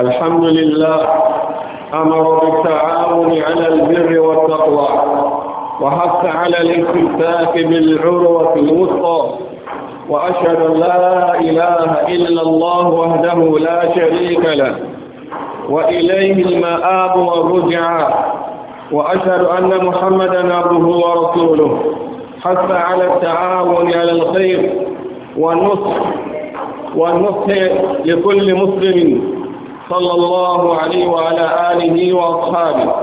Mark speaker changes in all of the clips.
Speaker 1: الحمد لله أمر بالتعاون على البر والتقوى وحث على الاستمساك بالعروة الوثقى وأشهد أن لا إله إلا الله وحده لا شريك له
Speaker 2: وإليه
Speaker 1: المآب والرجعة وأشهد أن محمدا عبده ورسوله حث على التعاون على الخير والنصح والنصح لكل مسلم صلى الله عليه وعلى آله وأصحابه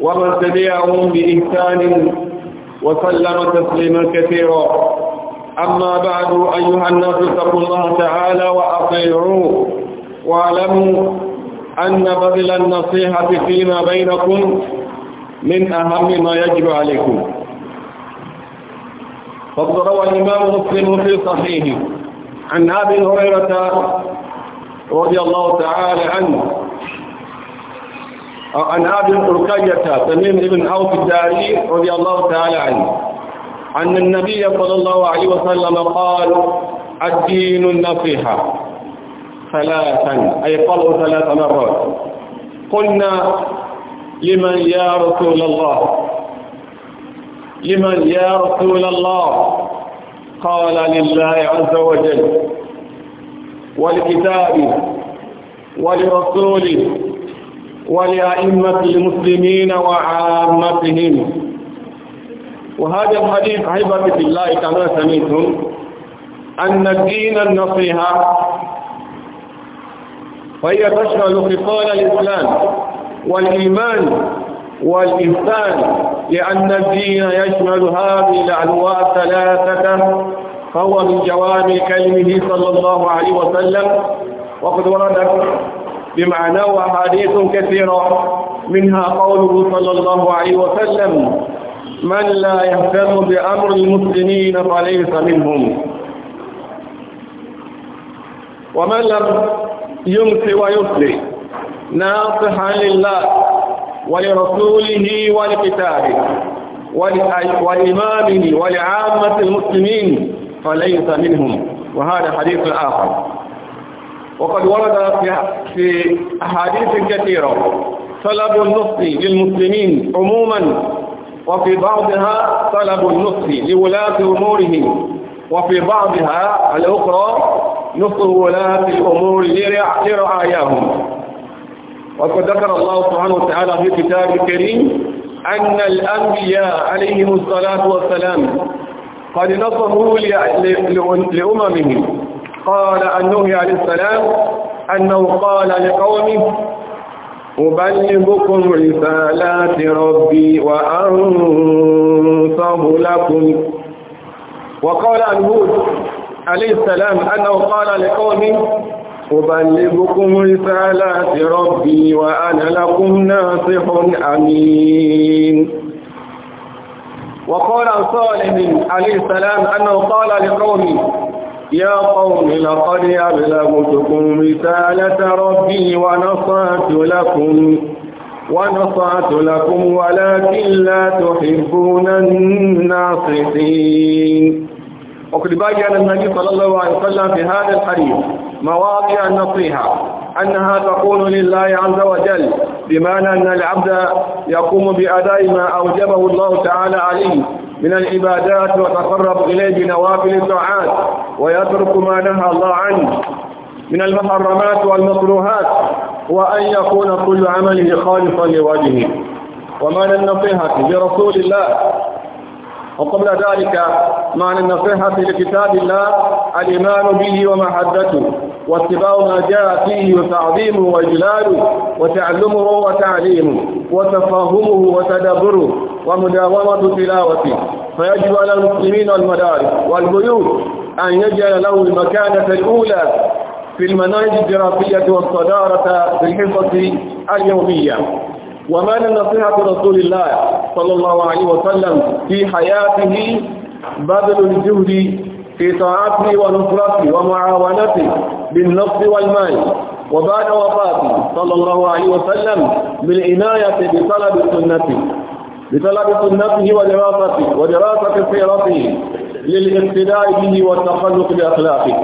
Speaker 1: ومن تبعهم بإحسان وسلم تسليما كثيرا أما بعد أيها الناس اتقوا الله تعالى وأطيعوه واعلموا أن بذل النصيحة فيما بينكم من أهم ما يجب عليكم فقد روى الإمام مسلم في صحيحه عن أبي هريرة رضي الله تعالى عنه عن أبي القرقية تميم بن عوف الداري رضي الله تعالى عنه أن النبي صلى الله عليه وسلم قال الدين النصيحة ثلاثا أي قالوا ثلاث مرات قلنا لمن يا رسول الله لمن يا رسول الله قال لله عز وجل ولكتابه ولرسوله ولأئمة المسلمين وعامتهم وهذا الحديث هبة الله كما سمعتم أن الدين النصيحة فهي تشمل خصال الإسلام والإيمان والإنسان لأن الدين يشمل هذه الأنواع الثلاثة فهو من جوامع كلمه صلى الله عليه وسلم وقد وردت بمعناه أحاديث كثيرة منها قوله صلى الله عليه وسلم من لا يهتم بأمر المسلمين فليس منهم ومن لم يمس ويصلي ناصحا لله ولرسوله ولكتابه ولإمامه ولعامة المسلمين فليس منهم وهذا حديث آخر وقد ورد في أحاديث كثيرة طلب النصح للمسلمين عموما وفي بعضها طلب النصح لولاة أمورهم وفي بعضها الأخرى نصح ولاة الأمور لرعاياهم وقد ذكر الله سبحانه وتعالى في كتابه الكريم أن الأنبياء عليهم الصلاة والسلام قد نصبه لأممه قال النهي عليه السلام أنه قال لقومه أبلغكم رسالات ربي وأنصه لكم وقال عن هود عليه السلام أنه قال لقومه أبلغكم رسالات ربي وأنا لكم ناصح أمين صالح عليه السلام أنه قال لقومي يا قوم لقد أبلغتكم رسالة ربي ونصرت لكم ونصرت لكم ولكن لا تحبون الناصحين وقد على النبي صلى الله عليه وسلم في هذا الحديث مواضع النصيحة أنها تقول لله عز وجل بمعنى أن العبد يقوم بأداء ما أوجبه الله تعالى عليه من العبادات وتقرب إليه بنوافل الطاعات ويترك ما نهى الله عنه من المحرمات والمكروهات وأن يكون كل عمله خالصا لوجهه ومن النصيحة لرسول الله وقبل ذلك معنى النصيحة لكتاب الله الإيمان به ومحبته واتباع ما جاء فيه وتعظيمه وإجلاله وتعلمه وتعليمه وتفهمه وتدبره ومداومة تلاوته فيجب على المسلمين والمدارس والبيوت أن يجعل له المكانة الأولى في المناهج الدراسية والصدارة في الحصة اليومية ومعنى نصيحة رسول الله صلى الله عليه وسلم في حياته بذل الجهد في طاعته ونصرته ومعاونته بالنفس والمال وبعد وفاته صلى الله عليه وسلم بالعناية بطلب سنته بطلب سنته ودراسته ودراسة سيرته للاقتداء به والتخلق بأخلاقه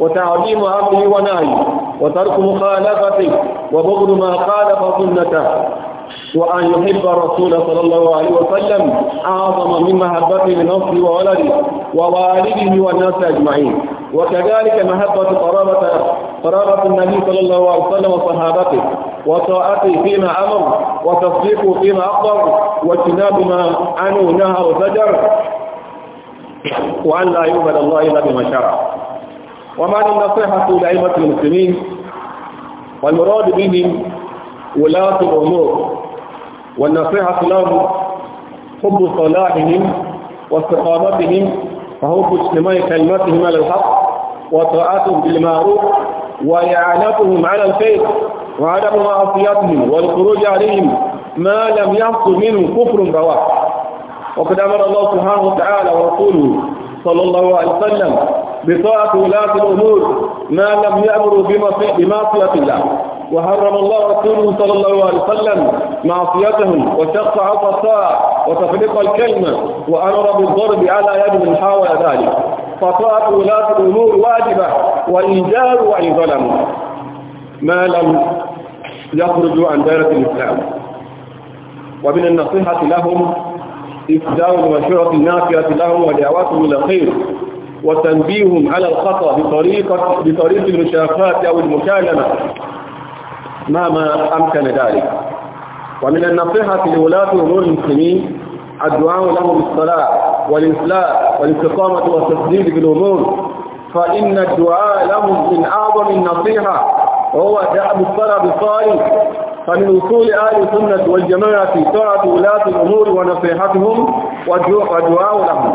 Speaker 1: وتعظيم أمره ونهيه وترك مخالفته وبغض ما خالف سنته وأن يحب الرسول صلى الله عليه وسلم أعظم من محبته لنفسه وولده ووالده والناس أجمعين وكذلك محبة قرابة قرابة النبي صلى الله عليه وسلم وصحابته وطاعته فيما أمر وتصديقه فيما أخبر واجتناب ما عنه نهى وزجر وأن لا يعبد الله إلا بما شرع ومعنى النصيحة لأئمة المسلمين والمراد بهم ولاة الأمور والنصيحة لهم حب صلاحهم واستقامتهم وحب اجتماع كلمتهم على الحق وطاعتهم بالمعروف وإعانتهم على الخير وعدم معصيتهم والخروج عليهم ما لم يحصل منه كفر بواح وقد أمر الله سبحانه وتعالى ورسوله صلى الله عليه وسلم بطاعة ولاة الأمور ما لم يأمروا بمعصية الله وحرم الله رسوله صلى الله عليه وسلم معصيتهم وشق عصا الساعة وتفريق الكلمة وأمر بالضرب على يد من حاول ذلك فطاعة ولاة الأمور واجبة وإنجاز وإن ظلموا ما لم يخرجوا عن دائرة الإسلام ومن النصيحة لهم إفداء المشورة النافية لهم ودعواتهم إلى الخير وتنبيههم على الخطأ بطريقة, بطريق المشافات أو المكالمة ما أمكن ذلك ومن النصيحة لولاة أمور المسلمين الدعاء لهم بالصلاة والإصلاح والاستقامة والتسديد بالأمور فإن الدعاء لهم من أعظم النصيحة وهو دعم الصلاة بالصالح فمن وصول أهل السنة والجماعة طاعة ولاة الأمور ونصيحتهم والدعاء لهم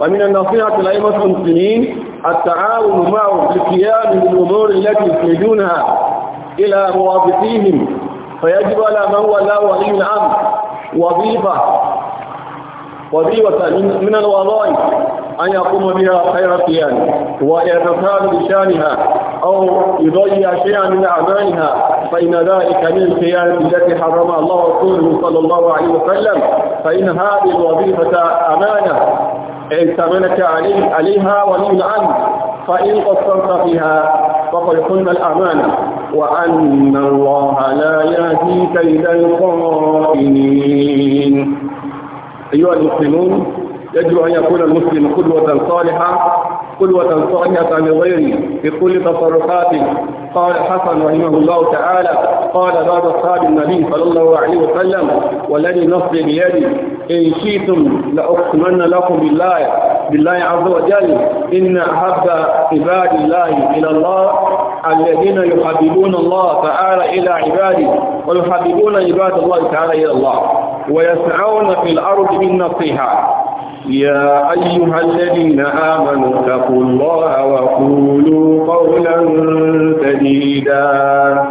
Speaker 1: ومن النصيحة لأئمة المسلمين التعاون معهم في القيام بالأمور التي يفيدونها إلى موظفيهم فيجب على من ولا ولي الأمر وظيفة وظيفة من الوظائف أن يقوم بها خير قيام ويتساهل بشانها أو يضيع شيئا من أعمالها فإن ذلك من الخيانة التي حرمها الله رسوله صلى الله عليه وسلم فإن هذه الوظيفة أمانة ائتمنك عليها ولي الأمر فإن قصرت فيها فقد حلم الأمانة وأن الله لا يهدي كيد القائمين أيها المسلمون يجب أن يكون المسلم قدوة صالحة قدوة صحيحة لغيري في كل تصرفات قال حسن رحمه الله تعالى قال بعض أصحاب النبي صلى الله عليه وسلم والذي نصر بيدي إن شئتم لأقسمن لكم بالله بالله عز وجل إن أحب عباد الله إلى الله الذين يحببون الله تعالى إلى عباده ويحببون عباد الله تعالى إلى الله ويسعون في الأرض بالنصيحة يا أيها الذين آمنوا اتقوا الله وقولوا قولا سديدا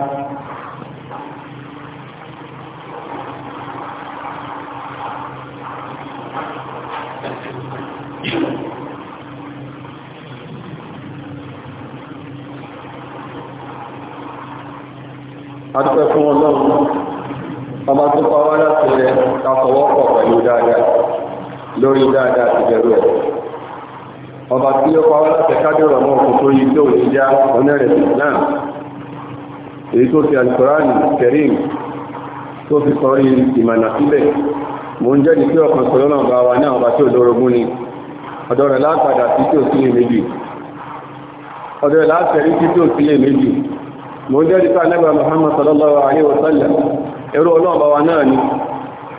Speaker 1: أتقوا الله فما تقوى ولا تقوى وقوى يدادا lórí dáadáa ti bẹ̀rù ẹ̀ ọba tí ó pa wọ́n láti kádùrọ̀ mọ́ òkú tó yí tó ní já onẹ́rẹ̀ islam èyí tó fi alukurani kẹrin tó fi sọrí ìmọ̀nà sílẹ̀ mo ń jẹ́rìí pé ọkàn sọ̀rọ̀ náà bá wa ní àwọn ọba tí ò lórogún ni ọ̀dọ̀ rẹ̀ lápadà sí tí ò sílé méjì ọ̀dọ̀ rẹ̀ látẹ̀rí sí tí ò sílé méjì mo ń jẹ́rìí pé anẹ́gbà Muhammad sallallahu alaihi wa sallam ẹrú ọlọ́ọ̀bá wa náà ni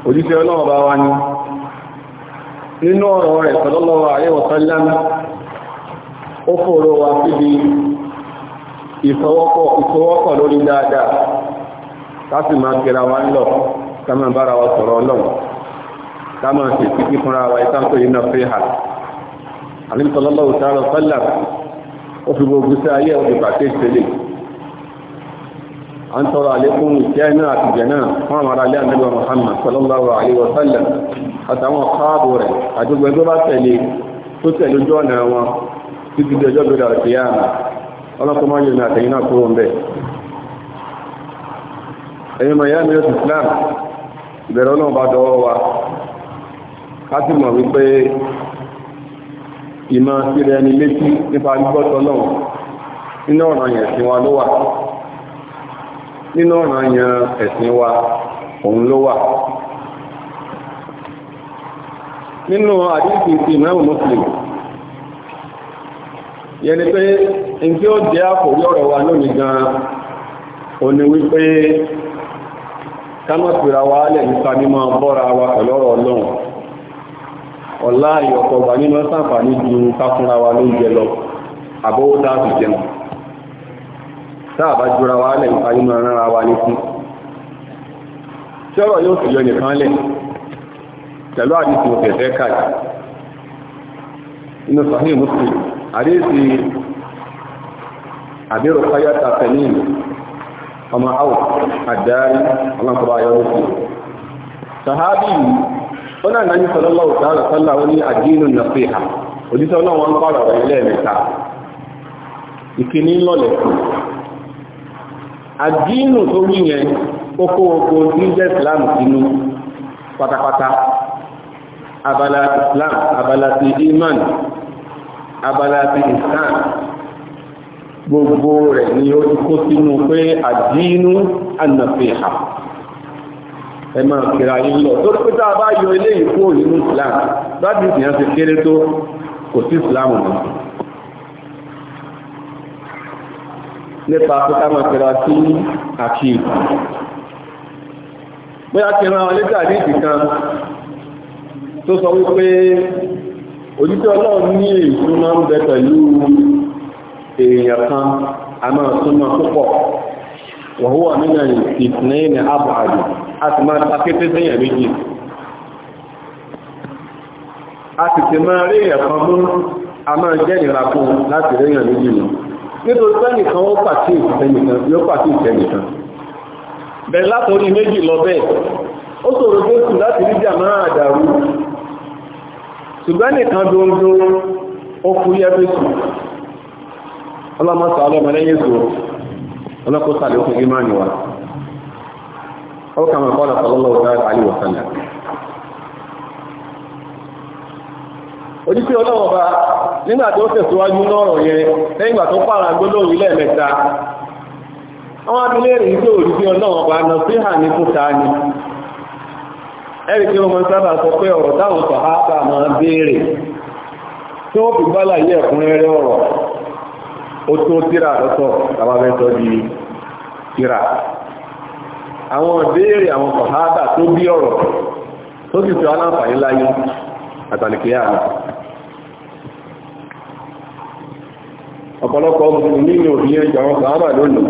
Speaker 1: òjíṣẹ́ ọlọ́ọ̀bá wa ni nínú ọ̀rọ̀ rẹ̀ sallallahu alaihi wasallam ó fòrò wa síbi ìfọwọ́kọ̀ lórí dáadáa láti máa kẹra wa ń lọ ká máa bára wa sọ̀rọ̀ ọlọ́run ká máa sì kíkí fúnra wa ìtàkùn yìí náà fẹ́ hà àlímsọ̀lọ́lọ́ òtàrọ̀ sọ́lá ó fi gbogbo sí ayé ọdún pàtẹ́ ìṣẹ̀lẹ̀ an ń tọrọ ya ìkẹ́ náà àti jẹ̀ kuma mara àwọn ará Muhammad sallallahu alayhi wa sallam àtàwọn káàbù rẹ̀ àdúgbò tó bá tẹ̀lé tó tẹ̀lé ojú ọ̀nà wọn títí di ọjọ́ gbèrè àti yáàmà ọlọ́kọ̀ máa yóò ní na náà kúrò Islam wa ká sì mọ̀ wípé ìmọ̀ síra ẹni létí nípa gbígbọ́tọ̀ náà sí ló wà nínú ọ̀nà yan ẹ̀sìn wa òun ló wà nínú àdíkì ti ìmáàmù Muslim yẹni pé in tí ó jẹ́ àkòrí ọ̀rọ̀ wa lónìí gan ó ní wípé kámọ̀síra wa lẹ̀ nípa mímọ̀ bọ́ra wa pẹ̀lọ́rọ̀ ọlọ́run ọ̀lá ìyọ̀kọ̀ nínú sáǹfà ní ju káfúnra wa lóúnjẹ lọ àbówó dáàbì jẹun sáàbá jura wa lẹ̀ nípa nínú ara wa létí tí ọ̀rọ̀ yóò fi yọ nìkan lẹ̀ pẹ̀lú àdìsí òfẹ̀fẹ́ káàkiri inú sahih muslim àdìsí àbírò fáyàtà tẹ̀lẹ́yìn ọmọ áwọ̀ àdáyé ọlọ́pàá ayọ́rọ̀ sí sahabi ó náà náà ní sallallahu ta'ala sallah ó ní àdínú nasiha òjísọ́ náà wọ́n pààrọ̀ rẹ̀ lẹ́ẹ̀mẹ́ta ìkíní lọ́lẹ̀ àdínù tó wí yẹn ó kó gbogbo ní jẹ́ islam sínú pátápátá abala islam abala ti iman abala ti islam gbogbo rẹ̀ ni ó ti kó sínú pé àdínú ànàfihà ẹ máa kìrà yìí lọ tó pé tá a bá yọ ilé ìkó ìlú islam bá bí ìsìn yẹn ti kéré tó kò sí islam nìyẹn nípa pípa máa pẹ̀lá sí àkíyèsí bóyá ti ran àwọn lẹ́tà ní ìdí kan tó sọ wípé òjíṣẹ́ ọlọ́run ní èso máa ń bẹ pẹ̀lú èèyàn kan a máa súnmọ́ púpọ̀ wọ̀húwà nínú ìsìnkú ní àbọ̀ àjò a sì máa ta kété séèyàn méjì a sì ti máa rí èèyàn kan mú a máa jẹ́ ìràkùn láti rí èèyàn méjì lọ nítorí pẹ́nìkan ó pàtí ìtẹ́nìkan yóò pàtí ìtẹ́nìkan bẹ̀rẹ̀ látọrí méjì lọ bẹ́ẹ̀ ó ṣòro jésù láti rí jàmá àdàrú ṣùgbọ́n nìkan dóńdó ó kú yẹ́bẹ̀sù ọlọ́mọ́sà ọlọ́mọlẹ́yìn sọ ọlọ́kọ́sà lókùn ìmánìwá ó onípe ọlọ́wọ́ bá nígbà tó tẹ̀síwájú lọ́rọ̀ yẹn lẹ́yìn ìgbà tó pààrà gbólóhùn ilẹ̀ mẹ́ta àwọn abilé rí tó rí bí ọlọ́wọ́ bá nà sí hà ní kúta ni ẹ̀rì tí wọ́n sábà sọ pé ọ̀rọ̀ táwọn sọ̀háàbà máa béèrè tí wọ́n fi gbálà yẹ tó tíra lọ́tọ̀ tàbábẹ́tọ́ di tíra ọ̀pọ̀lọpọ̀ mùsùlùmí ní òbí ẹjọ́ àwọn sàábà lónìí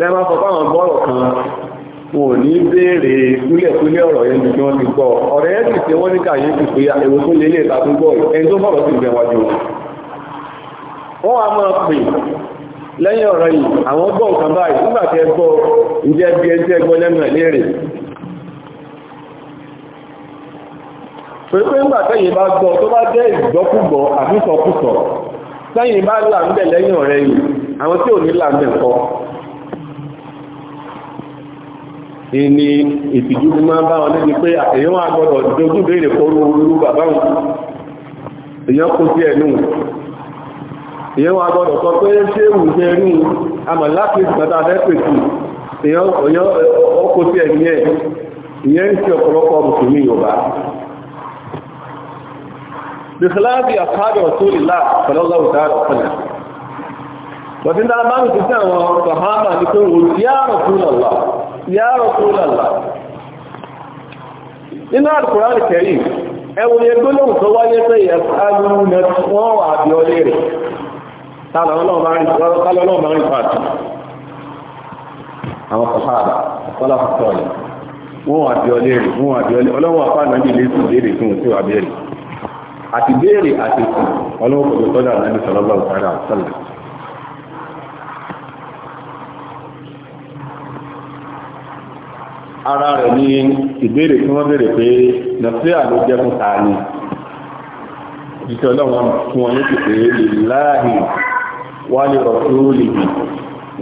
Speaker 1: lẹ́mà sọ fáwọn bọ́ọ̀rọ̀ kan wò ní béèrè kúlẹ̀kúlẹ̀ ọ̀rọ̀ yẹn ju kí wọ́n ti gbọ́ ọ̀rẹ́ yẹn sì ṣe wọ́n ní kàyé ti pé ewu tó lélẹ̀ tàbí gbọ́ ẹni tó bọ̀rọ̀ sí ìgbẹ̀ wájú wọ́n wá máa pè lẹ́yìn ọ̀rọ̀ yìí àwọn gbọ́ nǹkan báyìí nígbà tẹ́ gbọ́ ǹjẹ́ bí ẹni tẹ́ gbọ́ lẹ́nu ẹ̀ léèrè pé pé ńgbà tẹ́yìn bá gbọ́ tó bá jẹ́ ìgbọ́kúgbọ́ àbísọkúsọ sẹ́yìn bá là ń bẹ̀ lẹ́yìn ọ̀rẹ́ yìí àwọn tí ò ní là ń bẹ̀ kọ́ ìní ìtìjú máa bá wọn níbi pé èyàn wà gbọ́dọ̀ dojú béèrè kọrù olú bàbá wọn èyàn kó sí ẹnu èyàn wà gbọ́dọ̀ sọ pé ṣé ìwùjẹ ẹnu àmọ̀ láti ìgbàta lẹ́pẹ̀tì èyàn ọkọ̀ sí ẹ̀yìn ẹ̀ ìyẹn ń ṣe ọ̀pọ̀lọpọ̀ mùsùlùmí Yorùbá bìkìláàbì àfáàbì ọ̀tọ́lélà pẹ̀lọ́gbàwò dáadà pẹ̀lẹ̀. wọ́n dára bá mi títí àwọn sàhábà ní pé wò yá Rasulullah yá Rasulullah nínú Al-Qur'an Karim ẹwùn ẹgbẹ́ lóhùn tó wáyé pé ẹ̀sánú nẹ wọ́n wà bí ọlé rẹ̀ tálọ́lọ́ máa ń pàtó àwọn sàhábà ọ̀pọ̀lá fún tọ́lẹ̀ wọ́n wà bí ọlé rẹ̀ wọ́n wà bí ọlé ọlọ́wọ́ apá náà nílé sí ìbéèrè fún òṣèwà bẹ́ẹ̀rẹ̀ àti béèrè àti ìsìn ọlọ́wọ́ pẹ̀lú tọ́jà lẹ́nu sọ̀rọ̀lọ́ ìpàdà sọ̀lẹ̀ ara rẹ̀ ní ìbéèrè tí wọ́n béèrè pé nàfíà ló jẹ́ fún tààní jíṣẹ́ ọlọ́wọ́n fún wọn lókè pé lillahi wa li rasulihi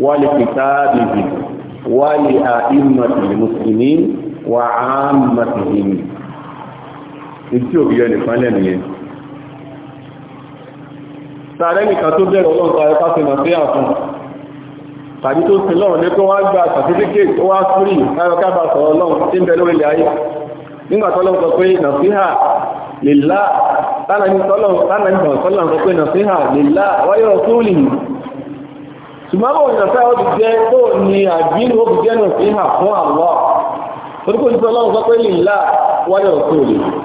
Speaker 1: wa li kitabihi wa li a'immatil muslimin wa 'ammatihim ní tí òbí ẹnìkan lẹ́nu yẹn sàárẹ́ nìkan tó bẹ̀rẹ̀ ọlọ́run tààrẹ pàṣẹ nà sí àfún tàbí tó sin lọ́run ní pé wọ́n gba certificate tó wá fúrì káyọkábà sọ̀rọ̀ ọlọ́run tí ń bẹ lórí ilẹ̀ ayé nígbà tọ́lọ́run sọ pé nà sí hà lèlá tánàbí tọ́lọ́run sọ pé nà sí hà lèlá wáyọ̀ fúrì ṣùgbọ́n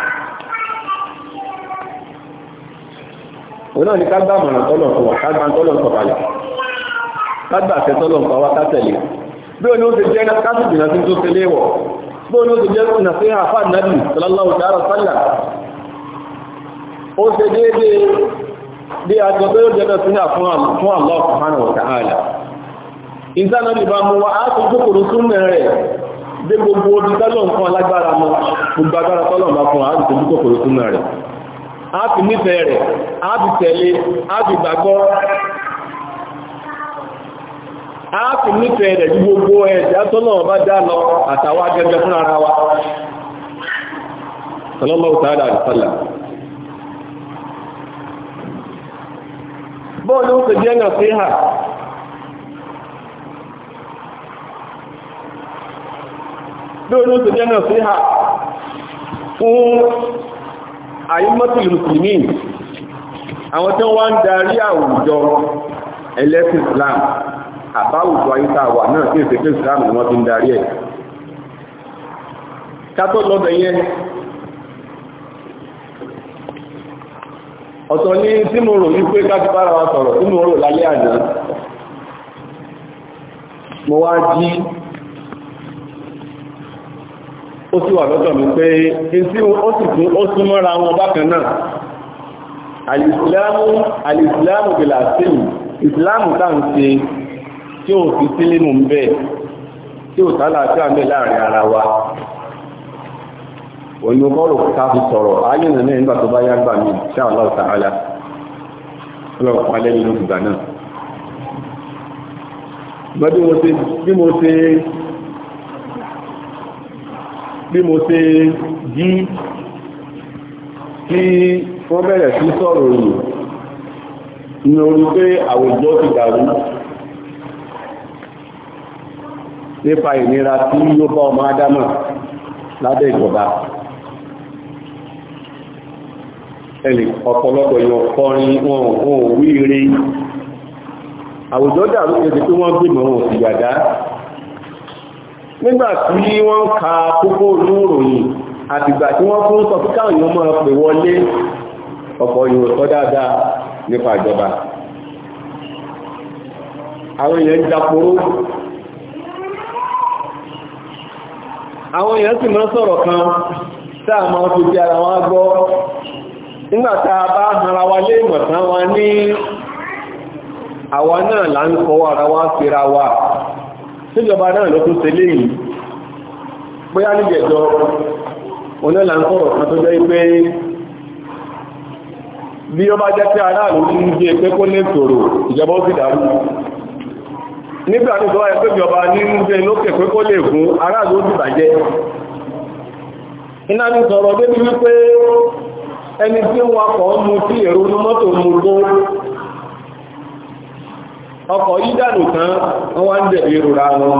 Speaker 1: òun náà ni ká gbà mọ̀ràn tọ́lọ̀ fún wa ká gbà tọ́lọ̀ sọ kalẹ̀ ká gbà fẹ́ tọ́lọ̀ fún wa ká tẹ̀lé bí òun ló ti jẹ́ ká sì jìnà sí tó fi léwọ̀ bí òun ló ti jẹ́ nà sí àfà nàbì sallallahu ta'ala sallam ó ṣe déédéé bí a jọ pé jẹ́ sí fún Allah subhanahu wa ta'ala ìsáná lè bá mú wa á tún kòkòrò súnmọ́ fún wa a fi nífẹ̀ẹ́ rẹ̀ fi tẹ̀lé a fi gbàgbọ́ a fi nífẹ̀ẹ́ rẹ̀ gbogbo ọba dá lọ àtàwà gẹ́gẹ́ fún ara wa sallallahu ta'ala alaihi wasallam àyímọ́tìlì mùsùlùmí àwọn tí wọ́n ń darí àwùjọ ẹlẹ́sìn Islam àbáwùjọ ayíta náà tí ìsìnkú Islam ni wọ́n ti ń darí ẹ̀ kátó lọ́bẹ̀ yẹn ọ̀tọ̀ ní tí mo rò wípé káti bára wa sọ̀rọ̀ tí rò lálẹ́ mo wá jí ó sì wà lọ́dọ̀ mi pé tí ó sì tún ó sún mọ́ra wọn bákan náà alìsìláàmù alìsìláàmù bèlà sílù ìsìláàmù tá ń ṣe tí ó fi sílímù ń bẹ tí ó tálàáfíà ń bẹ láàrin ara wa òní bọ́ọ̀lù ká fi sọ̀rọ̀ ayé nà náà nígbà tó bá yá gbà mí ṣáà lọ́wọ́ bí mo ṣe jí tí wọ́n bẹ̀rẹ̀ sí sọ̀rọ̀ yìí ni orí pé àwùjọ ti dàrú nípa ìnira tí yóò bá ọmọ ádámà lábẹ́ ìjọba ẹni ọ̀pọ̀lọpọ̀ èèyàn kọrin wọn ò wí rí àwùjọ dàrú kẹsì pé wọ́n gbìmọ̀ wọn gbàdá nígbà tí wọ́n ka kókó olóòròyìn àtìgbà tí wọ́n fún sọ fíkà òyìn mọ́ pè wọlé ọ̀pọ̀ yóò sọ dáadáa nípa ìjọba àwọn èèyàn ń dapòró àwọn èèyàn sì mọ́ sọ̀rọ̀ kan táà máa fi bí ara wọn gbọ́ nígbà a bá ara wa lé ìmọ̀tán wa ní àwa náà là ń kọwọ́ ara wa fira wa síjọba náà ló tó tẹ́lé yìí bóyá níjẹ̀jọ onílà ń kọ̀rọ̀ kan tó jẹ́ pé bí ó bá jẹ́ pé aráàlú ń jẹ́ pé kó tòrò ìjọba ó sì nígbà ìjọba ní lókè pé kó lè gún aráàlú ó sì bàjẹ́ iná ní sọ̀rọ̀ débi wípé ẹni tí kọ̀ èrò mọ́tò tó ọkọ̀ yí dànù tán wọ́n wá ń dẹ̀bí ìrora wọn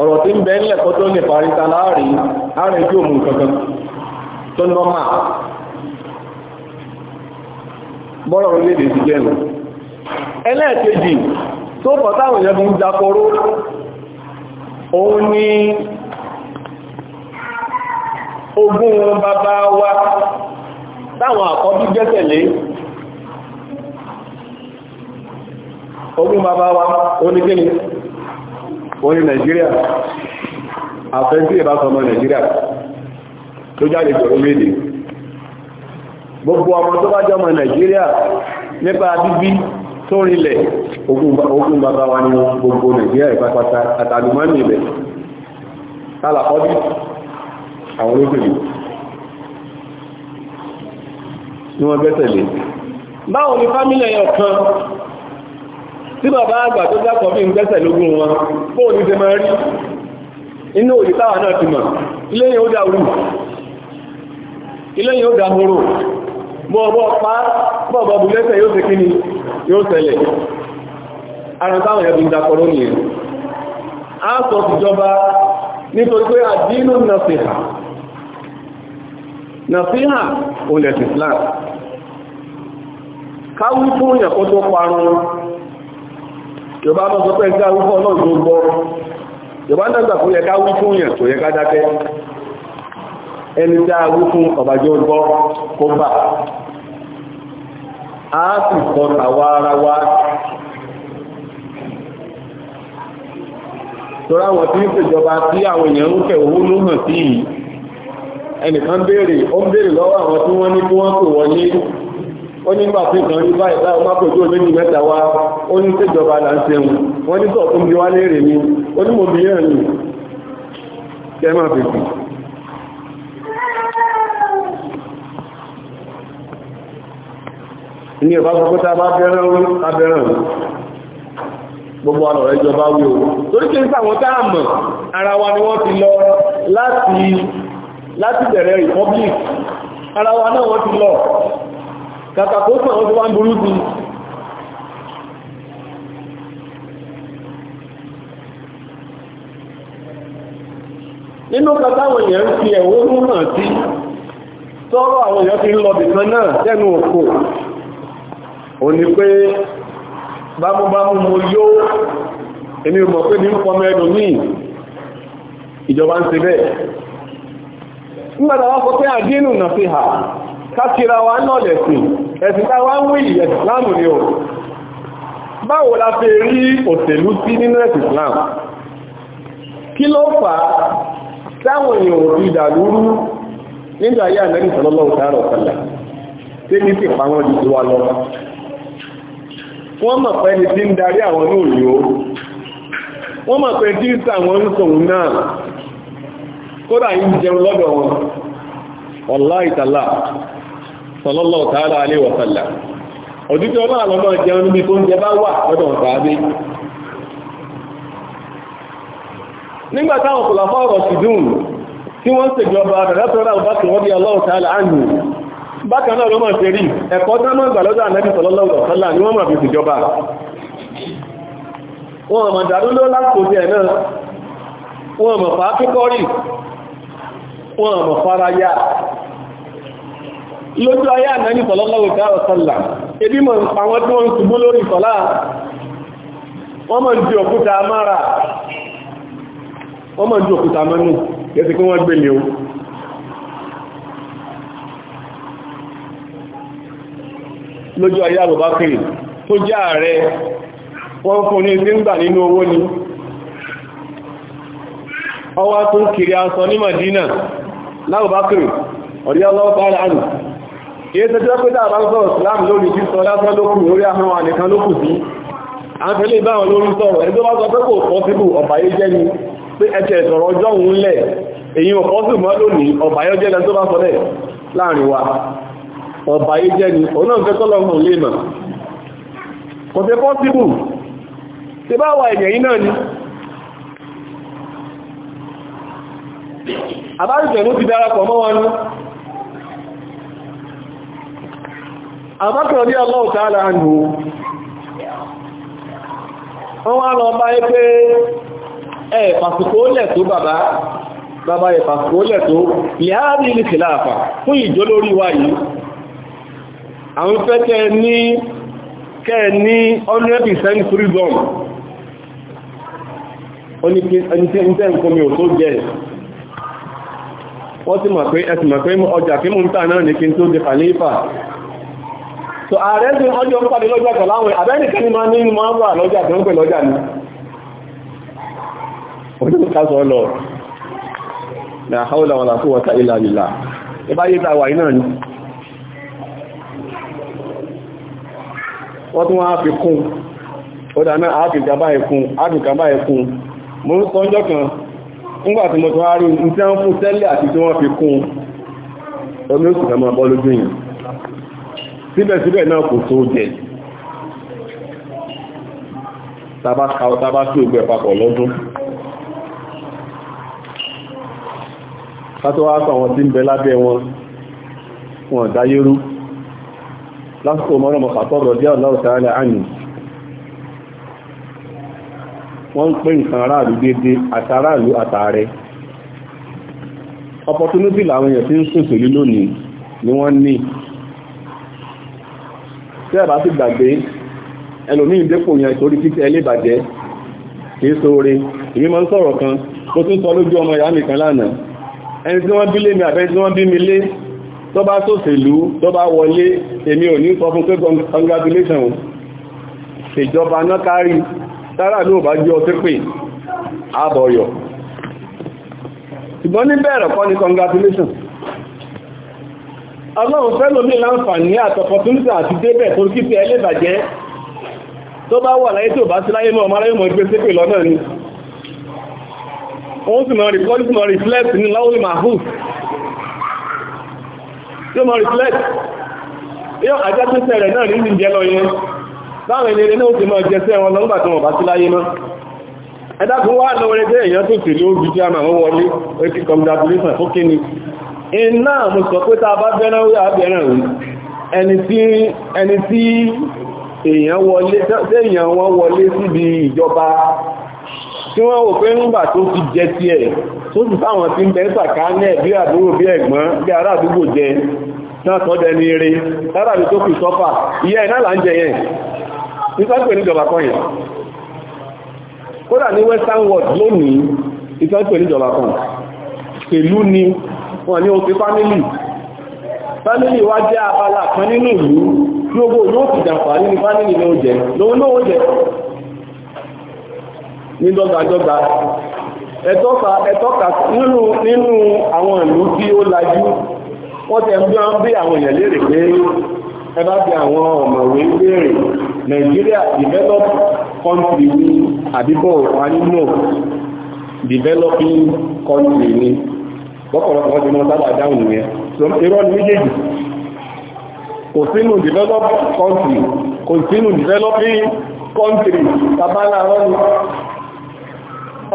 Speaker 1: ọ̀rọ̀ tí ń bẹ ń lẹ̀kọ́ tó ní paríta láàrin ààrẹ tí òmù kankan tó bọ́rọ̀ orílẹ̀-èdè ti ẹlẹ́ẹ̀kejì tó bọ̀ táwọn wa táwọn àkọ́bí ogún bàbá wa oníkíni
Speaker 2: oní Nàìjíríà
Speaker 1: àfẹ́ntí ìbátọmọ Nàìjíríà tó jáde jọ orílẹ̀-èdè gbogbo ọmọ tó bá jọmọ Nàìjíríà nípa bíbí tó rinlẹ̀ ogún bàbá wa ní gbogbo Nàìjíríà ìpapata àtàlùmọ́nì ilẹ̀ tálàkọ́bí àwọn olóṣèlú ni wọ́n gbẹ́sẹ̀lé báwo ni fámílẹ̀ ẹ̀yọ̀ kan tí bàbá àgbà tó dákọ̀ bí n gẹ́sẹ̀ lógún wọn fóò ní tẹmọ inú náà ti mọ̀ iléyìn ó dá orú ó bọ́ọ̀bọ́ pa bọ́ọ̀bọ́ lẹ́sẹ̀ yóò ṣe kíni yóò ṣẹlẹ̀ ara ẹ̀bùn Yorùbá mọ́ sọ pé ń ká wípọ́ náà ló gbọ́ Yorùbá ń dàgbà fún yẹ ká wí fún yẹn tó yẹ ká dákẹ́ ẹni tá a wí fún ọ̀bàjọ́ gbọ́ kó bà á sì sọ tàwa ara wa
Speaker 2: tọ́rọ àwọn tí ń ṣèjọba tí àwọn èèyàn ń fẹ̀ owó ló hàn sí yìí
Speaker 1: ẹnìkan béèrè ó ń béèrè lọ́wọ́ àwọn tí wọ́n ní kí wọ́n pè wọlé ó ní nígbà fún ìtàn rí báyìí báyìí má pèjú olóyìn mẹ́ta wá ó ní tẹ́jọba là ń sẹ́wọ̀n wọ́n ní tọ̀ tó ń bi wá léèrè mi ó ní mo ni kẹ́ máa fèsì ní ẹ̀bá sọ pé tá bá bẹ̀rẹ̀ orí abẹ̀rẹ̀ gbogbo àrọ̀ ẹjọba wí o torí kí n sàwọn táàmù ara wa ni wọ́n ti lọ láti bẹ̀rẹ̀ republic ara wa náà wọ́n ti lọ kàkàkó sàn ó ti wá ń burú nínú kàtàwọn èèyàn ń fi ẹ̀wọ́nú náà sí sọ́rọ̀ àwọn èèyàn ti ń lọ bìkan náà tẹ́nu ò ní pé bámúbámú mo yó èmi mọ̀ pé ní fọmọ ẹnu míì ìjọba ń ṣe bẹ́ẹ̀ nígbàtà pé àdínù káṣíra wa náà lẹ̀sìn ẹ̀sìn táwa ń wí ìsìláàmù ni o báwo la fẹ́ rí òṣèlú sí nínú ẹ̀sìn kí ló fà táwọn èèyàn ò ìdàlúrú wọn wa lọ wọ́n mọ̀ ẹni àwọn sa náà kódà yìí jẹun lọ́dọ̀ wọn sallallahu ta'ala alaihi wa sallam òdíjọ́ náà lọ́mọ jẹun níbi tó ń jẹ bá wà lọ́dọ̀ sàábé nígbà táwọn kòlàfọ́ ọ̀rọ̀ sì dùn tí wọ́n ṣèjọba àdàdàtọ́rà ọbákì wọ́n bí Allahu ta'ala anhu bákan náà lọ́mọ ṣe rí ẹ̀kọ́ dámọ́ ìgbàlọ́dọ̀ ànábì sallallahu alaihi wa sallam ni wọ́n mọ̀ fara yá lójú ayé a sọ̀lọ́lọ́wọ́ ìtàrọ̀ sọ́là ebí mọ̀ àwọn tí wọ́n ń ṣubú lórí sọ́lá wọ́n mọ̀ ju òkúta mára wọ́n mọ̀ ju òkúta kí wọ́n gbélé o lójú ayé àbùbákìrì tó jẹ́ ààrẹ wọ́n fún ní sí ń gbà nínú owó ni ọwá kiri aṣọ ní Madina ọ̀dí ọlọ́pàá kìí tẹ́jọ́ pé tàà bá sọ̀rọ̀ islam lórí tí sọ lásán ló kù orí ahọ́n wa nìkan ló kù sí àfẹ́lẹ́ ìbáwọn lórí sọ̀rọ̀ ẹjọ́ bá sọ pé kò pọ́síbù ọ̀báyé jẹ́ ni pé ẹ̀kẹ́ sọ̀rọ̀ ọjọ́ òun lẹ̀ èyí ò pọ́síbù mọ́ lónìí ọ̀báyé jẹ́ lẹ́tọ́ bá sọ lẹ̀ láàrin wa àbákọ̀ ní ọlọ́wọ́ ọnwa nù wọ́n wá lọ bá yé pé ẹ pàṣípò lẹ̀ tó bàbá bàbá ẹ pàṣípò lẹ̀ tó lẹ́àrí ní kìláàfà fún ìjọ lórí wa yìí àwọn fẹ́ ní ní 100% freedom ò tó so ààrẹ ní ọjọ́ ń pàdé lọ́jà kan láwọn àbẹ́nìkan ní máa ní inú máa ń wà lọ́jà tó ń pè lọ́jà ní ọdún kásọ̀ lọ na haula wala quwwata illa billah ìbáyé ta wà iná ni
Speaker 2: wọ́n tún wá fi kún
Speaker 1: ó dáná áfìkàbá ẹkùn áfìkàbá ẹkùn mo ń sọ ọjọ́ kan nígbàtí mo tún wá rí ní tí wọ́n fún tẹ́lẹ̀ àti tí wọ́n fi kún omi ó sì fẹ́ máa bọ́ lójú yìí síbẹ̀síbẹ̀ náà kò tó jẹ tàbá sí ògbẹ̀ papọ̀ lọ́dún kátó wá sọ àwọn tí ń bẹ lábẹ́ wọn wọn dáyérú lásìkò mọ́rọ̀ mọ̀kàtọ́ rọ̀ díẹ̀ lọ́rọ̀tàálẹ̀ àyìn wọ́n ń pè nǹkan aráàlú dédé àtàràlú àtààrẹ opportunity làwọn èèyàn tí ń sùn sí lónìí ni wọ́n ní tí ẹ̀bá sì gbàgbé ẹlòmíì dépò yẹn torí títí ẹlẹ́bàjẹ́ kìí sóore èmi máa ń sọ̀rọ̀ kan tó tún sọ lójú ọmọ ìyá mi kan lánàá ẹni tí wọ́n bí lé mi àbẹ́ tí wọ́n bí mi lé tó bá sòṣèlú tó bá wọlé èmi ò ní sọ fún pé congratulations ìjọba náà kárí sára ló bá jọ sí pé àbọ̀yọ̀ ṣùgbọ́n ní bẹ̀rẹ̀ kọ́ ni congratulations ọlọ́run fẹ́ lómi láǹfààní àtọ̀pọ̀túnítà àti débẹ̀ tó kí fi ẹlẹ́bàjẹ́ tó bá wà láyé tó bá sí láyé mọ́ ọmọláyé mọ́ ìgbé sépè lọ́nà ni wọ́n sì mọ̀ rìpọ́lì sí mọ̀ rìflẹ́t ní láwọ́lì màhù ẹ̀dàkùn wà lọ́wọ́rẹ́ jẹ́ èèyàn tó tèlé ó bí jẹ́ àmà wọ́n wọlé ó ti fókè ni iná mo sọ pé tá a bá bẹ́rẹ̀ orí àbẹ̀rẹ̀ rí ẹni tí èèyàn wọlé tẹ́yàn wọn wọlé síbi ìjọba tí wọ́n wò pé ńgbà tó ti jẹ ti ẹ̀ tó sì fáwọn tí ń bẹ sàká náà bí àbúrò bí ẹ̀gbọ́n bí ará àdúgbò jẹ náà tọ́ dẹni eré lábàbí tó fi sọ́fà ìyá iná là ń jẹ yẹn ní níjọba kan yẹn kódà ní western world lónìí ìsáńpẹ̀ níjọba kan pẹ̀lú ni wọ́n ní òfin fámílì fámílì wá jẹ́ abala kan nínú ìlú tí ogbó yóò fi dàpà nínú fámílì ní oúnjẹ lóun náà oúnjẹ ní dọ́gbàdọ́gba ẹ̀tọ́ka ẹ̀tọ́ka nínú nínú àwọn ìlú tí ó lajú wọ́n tẹ̀ ń bí wọ́n bí àwọn èèyàn léèrè pé ẹ bá bí àwọn ọ̀mọ̀wé léèrè Nigeria develop country ní àbíbọ̀ wa nínú developing country ní bọ́kọ̀lọpọ̀ ọdún mọ́ sábà dáhùn yẹn so irọ́ ni méjèèjì kò sínú developed country kò sínú developing country tabala rọ́nù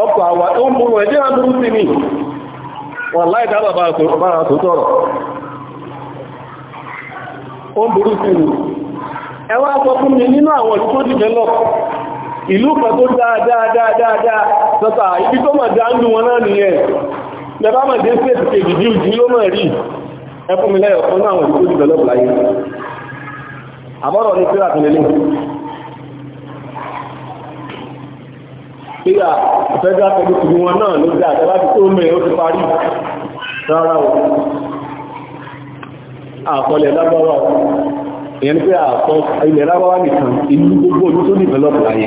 Speaker 1: ọkọ̀ àwà tó ń búrú ẹ̀dẹ́ àbúrú sí ni wọ́n láì dábà bára tó ó ń burú sí sọ fún mi nínú àwọn ìlú tó develop ìlú kan ibi tó dáa ń lẹ́bá mọ̀ dé sí ètùtù ìdíjú ìdí ló mọ̀ rí ẹkùn mi lẹ́yọ̀ fún àwọn ìdíjú ìdọ̀lọ́pù láyé àbọ̀rọ̀ ní síra tó lélẹ̀ síra federal service ni wọn náà ló dá àtẹ́lá ti tó mẹ́ ó ti parí rárá o àkọlẹ̀ lágbára ìyẹn pé àkọ ilẹ̀ lágbára nìkan ìlú gbogbo ojú tó ní ìdọ̀lọ́pù láyé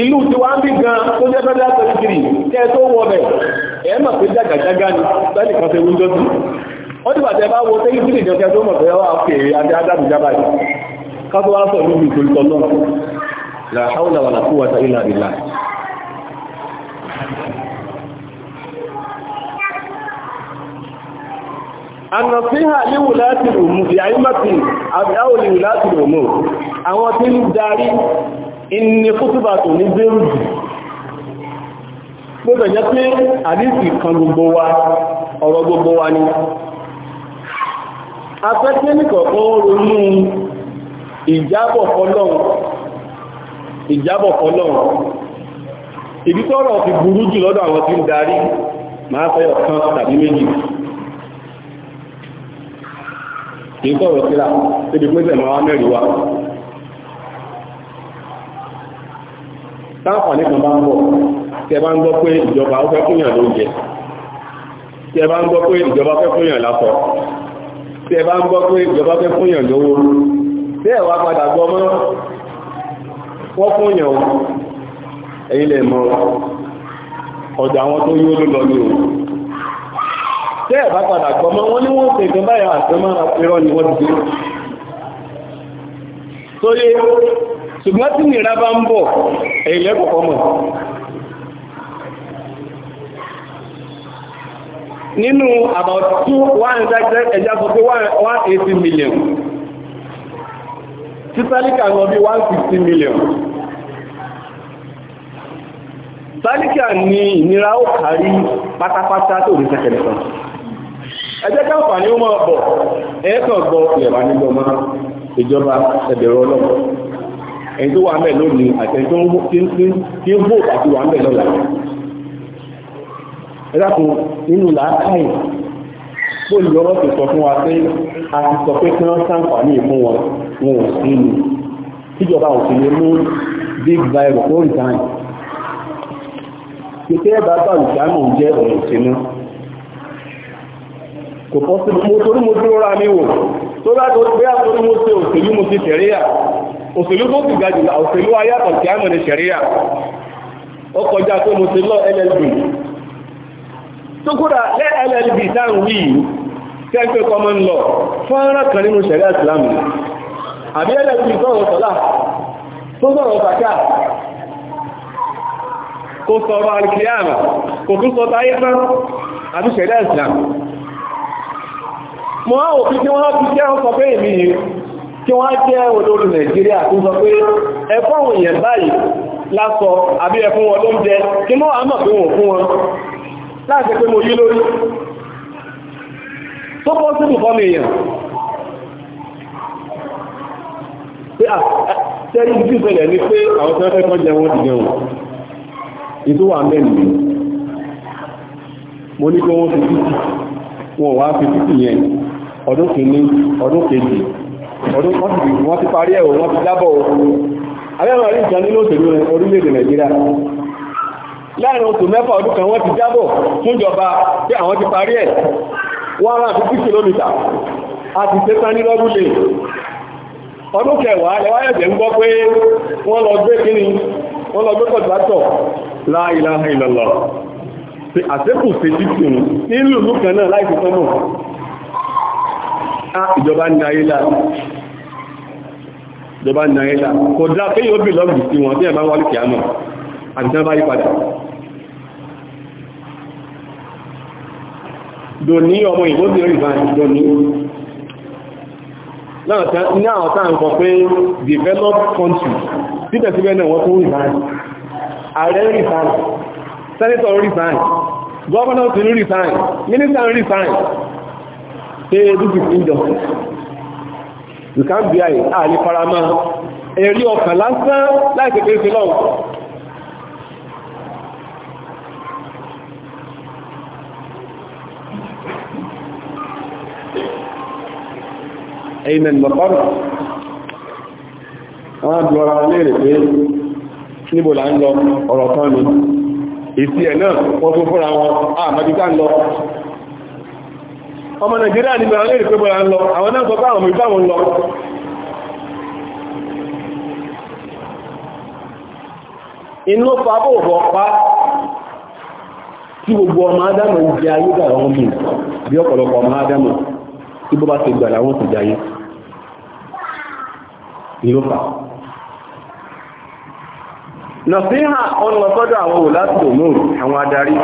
Speaker 1: ìlú tí wá ń bí gan tó jẹ́ fẹ́dá tẹ̀sìkiri kẹ́ tó wọlẹ̀ ẹ̀ mọ̀ pé jàgàjágá ni bẹ́ẹ̀lì kan ṣe wúńdọ́ sí wọ́n ti bàtẹ̀ bá wo tẹ́sìkiri jọ kẹ́ tó mọ̀ adé yìí ká tó wá sọ ìtòlítọ́ náà láti rùmù láti rùmù ìní kútùbà tó ní bẹ́rù jù gbogbo pé kan gbogbo wa ọ̀rọ̀ gbogbo wa ni afẹ́kẹ́ nìkọ̀ọ̀kan ronú ìjábọ̀ fọ́lọ́run ìjábọ̀ fọ́lọ́run ìbí tọ́rọ̀ burú jù lọ́dọ̀ àwọn tí ń darí máa fẹ́ ọ̀kan tàbí méjì táàpàlẹ́ kan bá ń bọ̀ tẹ bá ń gbọ́ pé ìjọba ó fẹ́ fúnyàn lóúnjẹ tẹ bá ń gbọ́ pé ìjọba fẹ́ fúnyàn láṣọ tẹ bá ń gbọ́ pé ìjọba fẹ́ fúnyàn lówó bẹ́ẹ̀ wá padà gbọ́ mọ́ wọ́n fúnyàn ẹ̀yin lè mọ̀ ọ̀dọ̀ àwọn tó yíó ló lọ ní o tẹ́ ẹ̀bá padà gbọ́ mọ́ wọ́n ní wọ́n tẹ̀ gan báyà àti máa irọ́ ni wọ́n ti dé ṣùgbọ́n tí nìra bá ń bọ̀ Ninu about two ẹja one million títàlíkà lọ bí one million tálíkà ni ìnira ó kárí pátápátá tó ní sẹ́kẹ̀lẹ̀ kan ẹjẹ́ káfà ní ó mọ̀ bọ̀ ẹ̀ẹ́kàn ìyẹ̀wà nígbọ́ ẹni tó wà mẹ́ lónìí àtẹni tó ń bò àti wà mẹ́ lọ́la ẹ dákun nínú làákàyè bó lè lọ́rọ́ ti sọ fún wa pé a ti sọ pé kí wọ́n sàǹfààní fún wọn wọn ò sí ni tíjọba ò sì lè mú big virus ó resign ìpínlẹ̀ bàbá ìjánu jẹ́ ọ̀rọ̀ ìsinú kò pọ́ sí mo torí mo dúró ra mi wò tó bá tó gbé àtòrí mo ṣe òṣèlú mo ti tẹ̀rí à òṣèlú tó ti gajù òṣèlú ayàtọ̀ tí a mọ̀ ní ṣẹ̀ríyà ó kọjá tó mo ti lọ llb tó kúrà lẹ́ llb táwọn wí tẹ́gbẹ́ common law fọ́nrán kan nínú ṣẹ̀ríyà islam àbí llb sọ̀rọ̀ sọ́lá tó sọ̀rọ̀ sàkà
Speaker 2: kò sọ̀rọ̀ alìkìyàmà kò tún sọ táyé tán
Speaker 1: àbí ṣẹ̀ríyà islam mo á òfin tí wọ́n fi jẹ́ ọkọ̀ bẹ́ẹ̀ mi yìí kí wọ́n jẹ́ olórí nàìjíríà tó sọ pé ẹfún àwọn èèyàn báyìí lásọ àbí ẹfún wọn ló ń jẹ kí mọ́ àmọ̀ pé wọ́n fún wọn láti pé mo yí lórí tó pọ́ sí ìfọ́n èèyàn pé àtẹ́rí ah, ah, bí ìpẹ̀lẹ̀ ní pé àwọn tó fẹ́ kọ́ jẹ wọ́n ti jẹun ìtò wà mẹ́rin mo ní kí wọ́n fi títì wọn wá fi títì ọdún kìíní ọdún kejì ọdún wọ́n ti wọ́n ti parí ẹ̀wọ̀ wọ́n ti dábọ̀ ogun abẹ́rẹ́ orí ìjọ nínú òṣèlú orílẹ̀-èdè Nàìjíríà láàrin oṣù mẹ́fà ọdún kan wọ́n ti dábọ̀ fúnjọba pé àwọn ti parí ẹ̀ 150 kìlómítà a ti tẹ́ta ní lọ́dún lè ọdún kẹwàá ẹwàáyẹ̀dẹ̀ ń gbọ́ pé wọ́n lọ gbé kíní wọ́n lọ gbé kọ̀tàtọ̀ la ilaha illallah àtẹ́kù sí títù nílùú kan náà láìsí sọ́nà ìjọba ní ayé láà ìjọba ní ayé láà kò dá pé yóò bí lọ́gbì sí wọn tí ẹ̀bá wọlé kìá náà àti tán bá yí padà dòní ọmọ ìbò ti rí ìbáyìí dòní ní àwọn táà ń kọ pé developed country títẹ̀síbẹ̀ náà wọ́n tó rí ìbáyìí ààrẹ rí ìbáyìí senator rí ìbáyìí governor ti rí minister rí ìbáyìí ṣe dúkì fíjọ nǹkan bí i ààrí farama ẹ̀rí ọkàn lásán láì pẹ̀pẹ̀ sí lọ́wọ́ ẹ̀yìn mẹ́lọ̀kọ́rọ̀ wọ́n á bí ọ̀rọ̀ lérè pé níbo là ń lọ ọ̀rọ̀ kan ni ìsí ẹ̀ náà wọ́n tó fúnra wọn àmàdíkà ah, ń lọ ọmọ nàìjíríà ní mẹ́rin lè pẹ́bọ̀lá ń lọ àwọn náà sọ fáwọn ìbáwọn lọ inú pàbò ọ̀pá tí gbogbo ọmọ adámọ̀ ìjẹ ayé gbà àwọn mi bí ọ̀pọ̀lọpọ̀ ọmọ adámọ̀ tí bó bá ti gbà láwọn ti jayé ìlúfà nọ̀síhà ọlọ́sọ́dọ̀ àwọn òlásìlò náà àwọn adarí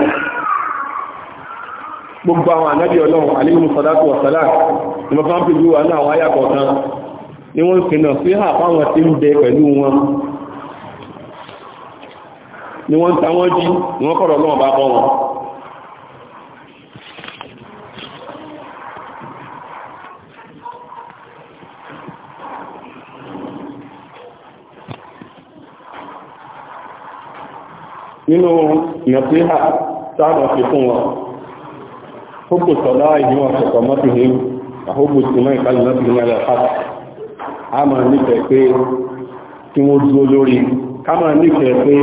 Speaker 1: gbogbo àwọn ànábì ọlọ́run àlẹ́yìn sọ́dátù ọ̀sọ́lá ni wọ́n bá ń pèjú wa ní àwọn ayàkọ̀ kan ni wọ́n ń kìnà sí hà fáwọn tí ń bẹ pẹ̀lú wọn ni wọ́n ń ta wọ́n jí wọ́n kọ̀rọ̀ lọ́wọ́ bá wọn nínú حب صلاحهم وحكمتهم وحب اجتماع كلمتهم على الحق àmà nífẹ̀ẹ́ pé kí wọ́n dúró lórí kámà nífẹ̀ẹ́ pé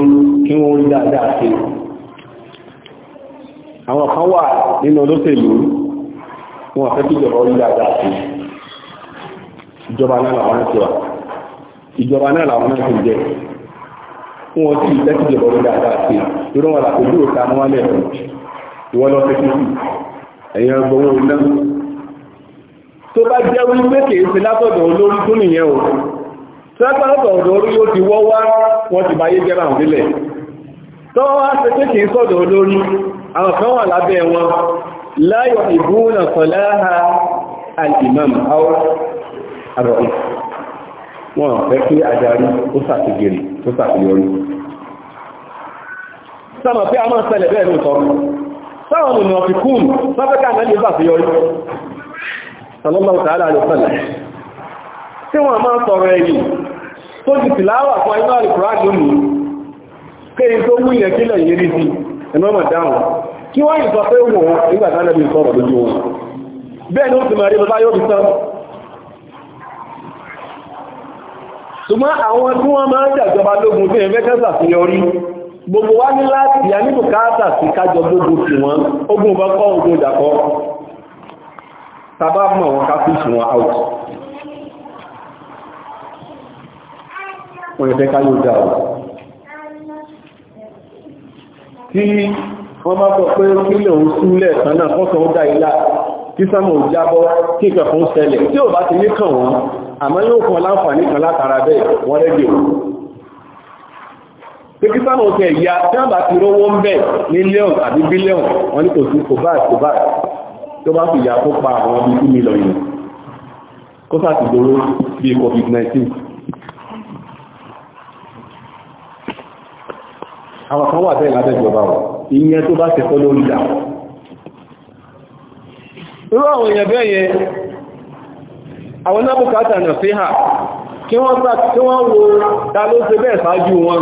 Speaker 1: kí wọ́n rí dáadáa sí àwọn kan wà nínú olóṣèlú wọn fẹ́ kí ìjọba rí dáadáa sí ìjọba náà làwọn ti wà ìjọba náà làwọn náà ti jẹ wọn sì fẹ́ kí ìjọba rí dáadáa sí irú wọn òta wọn lẹ̀ ìwọ́n ẹ̀yàn gbọ́wọ́ iná tó bá jẹ́ wípé kìí sí látọ̀dọ̀ olórí tó nìyẹn o sẹ́gbàtọ̀ orí yóò ti wọ́ wá wọ́n ti báyé jẹ́ ràn nílẹ̀ tó wá sí pé kìí àwọn kan wà lábẹ́ wọn láyọ̀ ìbúnà sọ̀láha al-imam sáwọn ọmọ ọ̀fikún sáfẹ́kà náà lè sàfihàn sallallahu ta'ala alaihi wasallam tí wọ́n máa sọ̀rọ̀ ẹ̀yìn tó ti tìláwà fún iná alìkùrán lónìí kéyìn tó mú ilẹ̀ kílẹ̀ yìí sí ẹ̀mọ́mà dáhùn kí wọ́n yìí sọ pé wọ́n nígbàtà náà bí sọ̀rọ̀ lójú wọn bẹ́ẹ̀ ni ó ti mẹ́rin bá yóò fi sọ ṣùgbọ́n àwọn tí wọ́n máa ń jàjọba lógun tí ẹ̀fẹ́ kẹ́sà sí yọrí gbogbo wa ní láti yà nínú káàtà sí kájọ gbogbo sí wọn ogun bá kọ́ ogun ìdàkọ́ tàbá mọ̀ wọn ká fíṣì wọn out
Speaker 2: wọ́n ìfẹ́ ká yóò dáa
Speaker 1: tí wọ́n bá kọ́ pé kílẹ̀ òun súnlẹ̀ kanáà fọ́sọ̀ ó dá ilá kí sámọ̀ ò jábọ́ kí ìfẹ́ fún ṣẹlẹ̀ tí ò bá ti ní kàn wọ́n àmọ́ yóò fún ọ láǹfààní látara bẹ́ẹ̀ wọ́n rẹ́gbẹ̀ẹ́ pẹ̀lú sáà wọn fẹ́ ìyá tí wọ́n bá ti rówó ń bẹ̀ mílíọ̀n àbí bílíọ̀n wọn ní kò sí kovac kovac tó bá fi ìyá tó pa àwọn bíi two million yìí kó sáà ti dòró covid 19. àwọn kan wà bẹ́ẹ̀ lábẹ́ ìjọba wọn ìyẹn tó bá tẹ̀kọ́ lórí dà irú àwọn èèyàn bẹ́ẹ̀ yẹn àwọn nábùkátà nà sí hà kí wọ́n wo ta ló ṣe bẹ́ẹ̀ ṣáájú wọn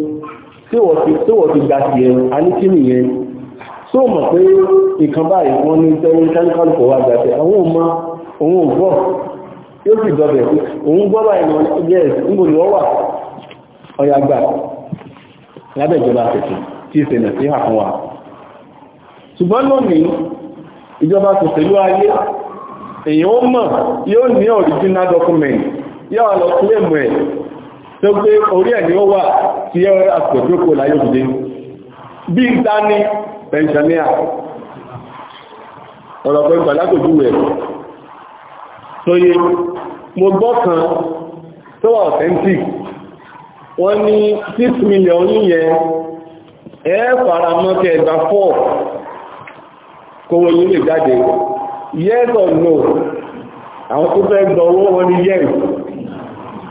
Speaker 1: tí wọ́n ti gba sí ẹ aníkíní yẹn tó mọ̀ pé nǹkan báyìí wọ́n ní tẹ́wọ́n kánikánì kò wá gbà àwọn ọmọ òun gbọ́ yóò sì òun gbọ́ báyìí ni wọ́n wà ọ̀yà gbà lábẹ́ ìjọba tuntun tí sí wa ṣùgbọ́n lónìí ìjọba ayé ó mọ̀ yóò ní original document yóò lọ mọ̀ ẹ̀ tó gbé orí ẹ̀ ni ó wà tí àsìkò tí ó kò láyé òdìdé bí n ta ní pẹ̀nsẹ̀níà ọ̀rọ̀ pẹ̀lú alákòjú rẹ̀ tó yé mo gbọ́ kan tó wà authentic wọ́n ní 6 million yíyẹn ẹ faramọ́kẹ́ ẹgbà 4 kówó yí lè jáde yes or no àwọn tó fẹ́ gbọ́ owó wọn ní yẹ́rì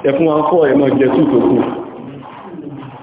Speaker 1: ẹ̀fún wọn fọ́ ẹ̀mọ́ jẹ́ 2 tó kù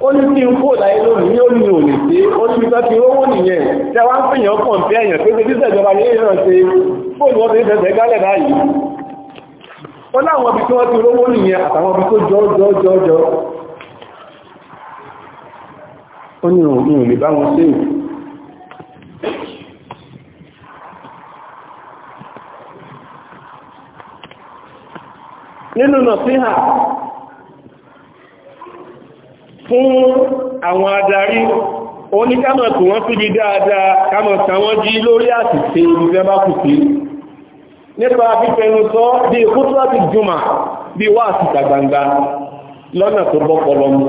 Speaker 1: ó ní kí n kó láyé lónìí ó ní òní sí ó ní bí sọ́kí owó nìyẹn tẹ́ wá ń pèyàn kàn bí ẹ̀yàn pé bí sẹ̀jọba ní ìrìnà ṣe fóònù wọ́n ti fẹsẹ̀ gálẹ̀ báyìí ó láwọn ibi tí wọ́n ti rówó nìyẹn àtàwọn ibi tó jọ jọ jọ jọ ó ní òní bá wọn sí nínú nọ̀síhà fún àwọn adarí ó ní kámọ̀ tó wọ́n síbi dáadáa kámọ̀ tàwọn jí lórí àtìsẹ́ ìrìnlẹ́bá kù sí nípa fífẹ́nu sọ bí kútúwà ti jùmà bí wà síta gbangba lọ́nà tó bọ́pọ̀lọ́ mú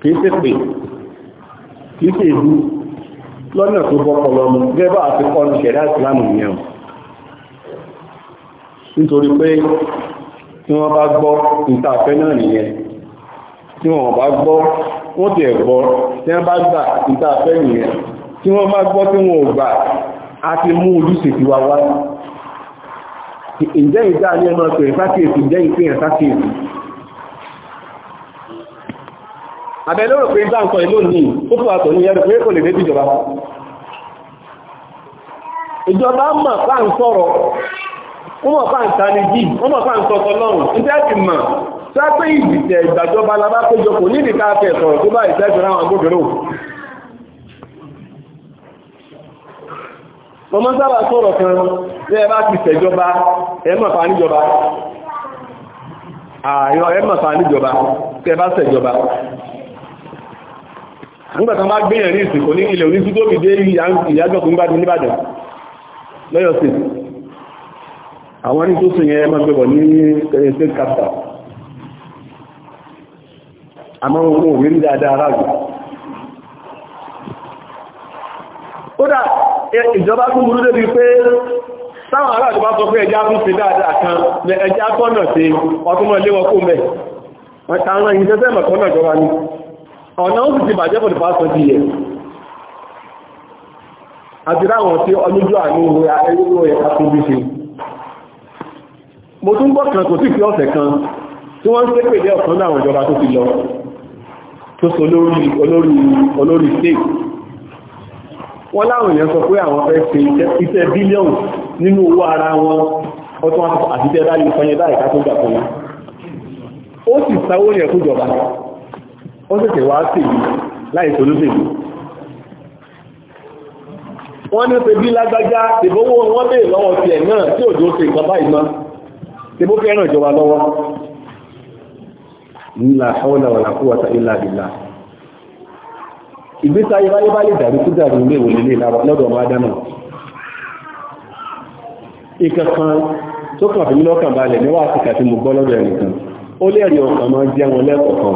Speaker 1: kìí sí pé kìí sí ìlú lọ́nà tó bọ́pọ̀lọ́ mú gẹ́bà àti kọ́nù ṣẹ̀dá ìsìlámù yẹn nítorí pé tí wọ́n bá gbọ́ ìtàfẹ́ tí wọ́n bá gbọ́ wọ́n ti ẹ̀gbọ́ tí wọ́n bá gbà níta fẹ́ nìyẹn tí wọ́n bá gbọ́ tí wọ́n ò gbà á ti mú ojúṣe ti wá wá ǹjẹ́ ìdá ní ọmọ pẹ̀lú sákèèsì jẹ́ ìpínyàn sákèèsì àbẹ̀lẹ́ rò pé bá ń kọ ìlú ní ó fún àtọ̀ ní ẹrù pé kò lè débi ìjọba ìjọba mọ̀ pá ń sọ̀rọ̀ ó mọ̀ pá ń tanijí ó mọ̀ pá ń sọ sápé ìdìtẹ̀ ìgbàjọba labá péjọ kò ní ìdíkà fẹ̀ sọ̀rọ̀ tó bá ìṣẹ́jọ ráwọn agbófinró ọmọ sábà sọ̀rọ̀ kan lẹ́ẹ̀ bá ti ṣèjọba ẹmọ̀fà níjọba ààyàn ẹmọ̀fà níjọba tẹ́ bá ṣèjọba nígbàtà bá gbéyàn ní ìsìnkò ní ilẹ̀ onísí tó bìdé ìyájọ́ tó ń bá di níbàdàn lọ́yọ̀ sí àwọn ní tó sùn yẹn mọ́ gbẹ̀bọ̀ ní state capital àmọ́ wọn ò rí dáadáa ráàlù kódà ìjọba tún burú débi pé sáwọn aráàlú bá sọ pé ẹjá tún sí dáadáa kan ẹjá tọ́nà sí ọtúnmọ̀ léwọ́ kó mẹ́ wọ́n ta rán ìṣẹ́sẹ́ mọ̀kànlá ìjọba ní ọ̀nà ó sì ti bàjẹ́ for the past 20 years àti ráwọn tí ọlójú àní ìwé ẹgbẹ́ ẹ̀ka tó bí ṣe mo tún gbọ́ kan kò sí fi ọ̀sẹ̀ kan tí wọ́n ń pépè dé ọ̀kan láwọn ìjọba tó ti lọ tó so olórí olórí olórí state wọ́n láwọn èèyàn sọ pé àwọn fẹ́ ṣe iṣẹ́ bílíọ̀nù nínú owó ara wọn ọtún àtijẹ́ dáyé fẹ́yẹ dáyé ká tó gbàgbọ́ wọn ó sì sáwó yẹ fún ìjọba ó ṣẹ̀ṣẹ̀ wá sí ìlú láì tó lóṣèlú wọ́n ní pé bí lágbájá tèbówó wọ́n bèèrè lọ́wọ́ tiẹ̀ náà tí òjò ṣe ìjọba ìmọ̀ tèbó fẹ́ràn ìjọba lọ́wọ́ la hawla wala quwwata illa billah ìgbésí ayé báyé bá lè dàbí kú dàbí ilé ìwòlè lè lọ́dọ̀ ọmọ adámọ̀ ìkankan tó kàn fi lọ́kàn balẹ̀ níwà àtìkà tí mo gbọ́ lọ́dọ̀ ẹnìkan ó lẹ́rìí ọkàn máa jẹ́ wọn lẹ́kọ̀ọ̀kan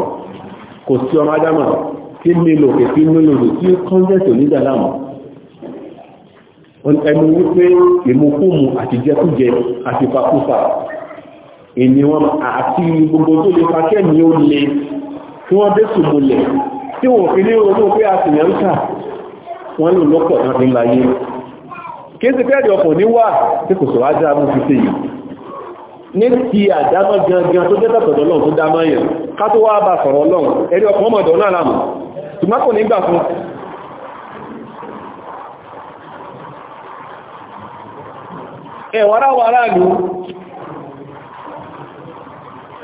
Speaker 1: kò sí ọmọ adámọ̀ tí nílò kò sí nílò lò tí kọ́ńtẹ́sì onídàlámù ẹnu wípé ìmúkúmu àti jẹkújẹ àti pakúfà èyí wọn àti gbogbo tó lè fàkẹ́ ní ó lè tí wọ́n dé sùmùlẹ̀ tí wọ́n fi ní ronú pé a sì yàn ń kà wọ́n lò lọ́pọ̀ láti láyé kéèsì fẹ́ẹ̀dì ọkùn ní wà tí kò sọ̀rọ̀ ajá mú fi sí yìí ní ti àdámọ́ gangan tó jẹ́tọ̀ tọ̀dọ̀ lọ́n tó dámọ́ yẹn ká tó wá bá sọ̀rọ̀ lọ́n ẹ̀rí ọkùn ọmọdọ̀ náà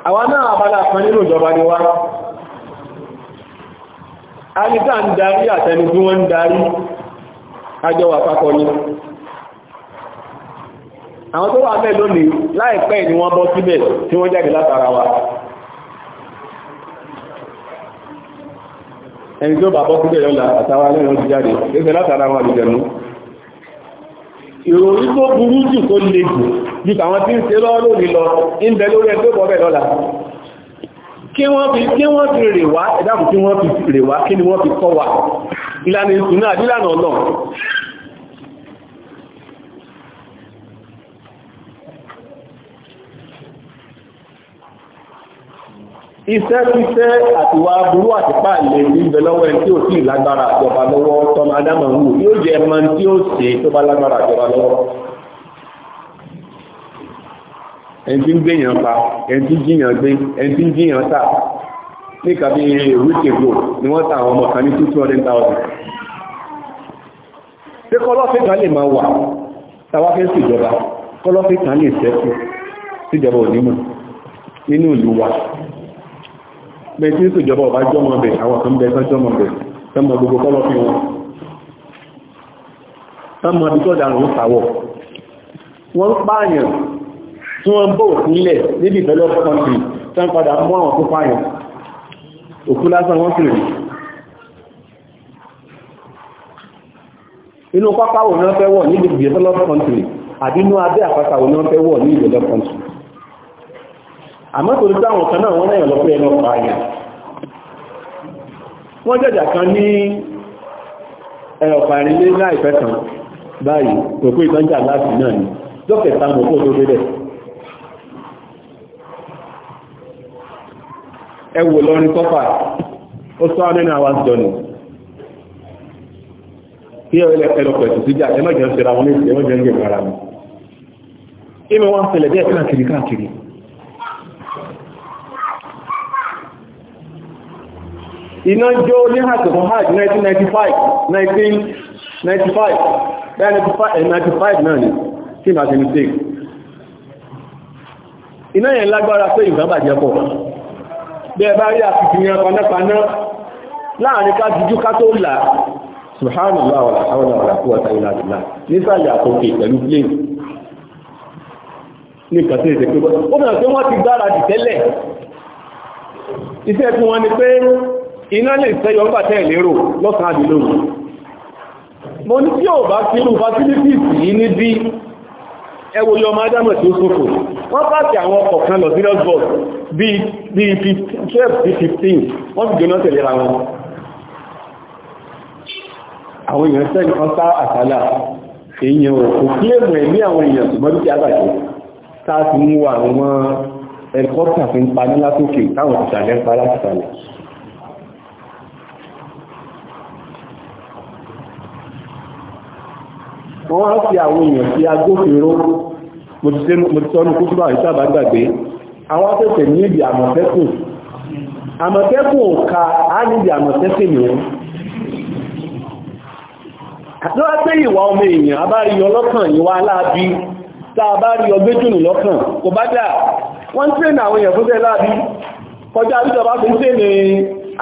Speaker 1: àwa náà abala kan nínú ìjọba ni wá alìsá ń darí àtẹni tí wọ́n ń darí àjọ wà papọ̀ ní àwọn tó wà mẹ́ lónìí láìpẹ́ ni wọ́n bọ́ síbẹ̀ tí wọ́n jáde látara wa ẹni tí ó bà bọ́ síbẹ̀ lọ́la àtàwà lẹ́yìn ó ti jáde ìròyìn tó burú jù tó le jù jù àwọn tí ń ṣe lọ́wọ́ lórí lọ ń bẹ lórí ẹgbẹ́ bọ́bẹ̀ lọ́la kí wọ́n fi kí wọ́n fi rè wá ẹ̀dàkùn tí wọ́n fi rè wá kí ni wọ́n fi kọ́ wa ìlànà ìsúná àdílànà náà iṣẹ́ fífẹ́ àtiwá burú àti pààlẹ̀ ní ibẹ̀ lọ́wọ́ ẹni tí ò sí ìlágbára àjọba lọ́wọ́ tọ́mọ adámọ̀ wù yóò jẹ ẹmọ tí ó ṣe tó bá lágbára àjọba lọ́wọ́ ẹni tí ń gbéyàn pa ẹni tí ń jiyàn gbé ẹni tí ń jiyàn tà ní kàbí ìrúkègbò ni wọ́n ta àwọn ọmọ kan ní 200,000 pé kọ́lọ́fẹ́ kan lè máa wà tàwa fẹ́ síjọba kọ́lọ́fẹ́ kan lè sẹ́kù síjọba bẹ́ẹ̀ tí ètò ìjọba ọ̀bá jọmọ bẹ̀ àwọn kan bẹ́ẹ̀ sọ́jọmọ bẹ̀ sọmọ gbogbo kọ́lọ́ fi wọn sọmọ bí tọ́jà rùn sàwọ̀ wọ́n pààyàn tí wọ́n bọ́ òkú nílẹ̀ níbi ìfẹ́lẹ́ ọ̀pọ̀kọ̀ntì tán padà mú àwọn tó pààyàn òkú lásán wọ́n sì rí inú pápá wo ni wọ́n fẹ́ wọ̀ níbi ìfẹ́lẹ́ ọ̀pọ̀kọ̀ntì àbínú abẹ́ àpáta wo ni fẹ́ wọ̀ ní ìfẹ́lẹ́ ọ̀pọ̀kọ̀ntì àmọ́ torí táwọn kan náà wọ́n náà lọ́pẹ́ ẹ̀nà pààyàn wọ́n jẹ́jà kan ní ọ̀pá ìrìnlé láìpẹ́ kan báyìí tó pé ìtọ́jà láti náà ni lọ́kẹ̀ta mọ̀ fún tó débẹ̀ ẹ wò lọ́rin tọ́fà ó sọ nínú àwọn àjọ̀nù kí ẹlọ́pẹ̀ tó sí jà ẹmọ́jẹ̀ ń ṣe ra wọn ní ìṣẹ́wọ́jẹ̀ ń gẹ̀ iná jó ní àtẹ̀kùn hajj 1995 1995 1995 náà ni tí ma ti ní tèk iná yẹn lágbára pé ìgbàbàjẹ́ pọ̀ bí ẹ bá rí àfihàn panápaná láàrin ká jíjú ká tó là subhanallah wa hawla wa la quwwata illa billah nísàlẹ̀ àtòkè pẹ̀lú plane ní kàtí ìdẹ̀kẹ́ ó mẹ́rin pé wọ́n ti gbára dì tẹ́lẹ̀ iṣẹ́ tí wọ́n ni pé iná lè sẹ́yọ ń bàtẹ́ ìlérò lọ́sàn àdìlóòrù mo ní tí ò bá sínú facilities yìí ní bí ẹwò yọ ọmọ adámọ̀ tí ó sófò wọ́n pàtí àwọn ọkọ̀ kan lọ sí lọ́sbọ̀s bí i 12-15 wọ́n sì gbóná tẹ̀lé ra wọn àwọn èèyàn sẹ́yìn kan sá àsálà èèyàn òkú kí èmù ẹ̀mí àwọn èèyàn ṣùgbọ́n dúkìá bàjẹ́ táà ti mú àwọn ẹ̀kọ́ tàfin panílá tókè táwọn ìṣàlẹ̀ pa láti sàlẹ̀ wọ́n wá fi àwọn èèyàn sí agbófinró mo ti sọ́nù kó túbọ̀ àìsà bá gbàgbé àwọn afẹ́fẹ́ ní èdè àmọ̀tẹ́kùn àmọ̀tẹ́kùn ò ka á ní èdè àmọ̀tẹ́kùn yẹn àti wá pé ìwà ọmọ èèyàn a bá rí ọlọ́kàn ìwà aláàbí tá a bá rí ọgbẹ́jùnù lọ́kàn kò bá dà wọ́n ń àwọn èèyàn fún láàbí kọjá àbíjọba fi ń tẹ́nà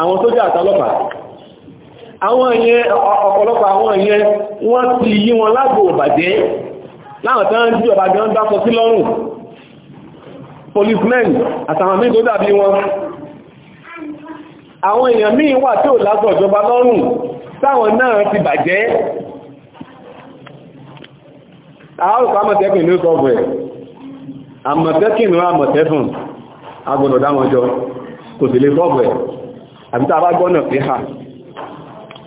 Speaker 1: àwọn sójà àtàlọ́pàá àwọn ìyẹn ọ̀pọ̀lọpọ̀ àwọn ìyẹn wọ́n ti yí wọn lágbo ìbàjẹ́ láwọn tán jí ọba gan dákọ sí lọ́rùn policemen àtàwọn míì tó dàbí wọn àwọn èèyàn míì wà tí ò lásọ̀ ìjọba lọ́rùn táwọn náà ti bàjẹ́ àárùkọ àmọ̀tẹ́kùn ní sọ́fẹ̀ àmọ̀tẹ́kùn ní àmọ̀tẹ́fùn agbọ̀nọ̀dáwọn jọ kò sì lè sọ́fẹ̀ àbítà bá gbọ́nà pé ha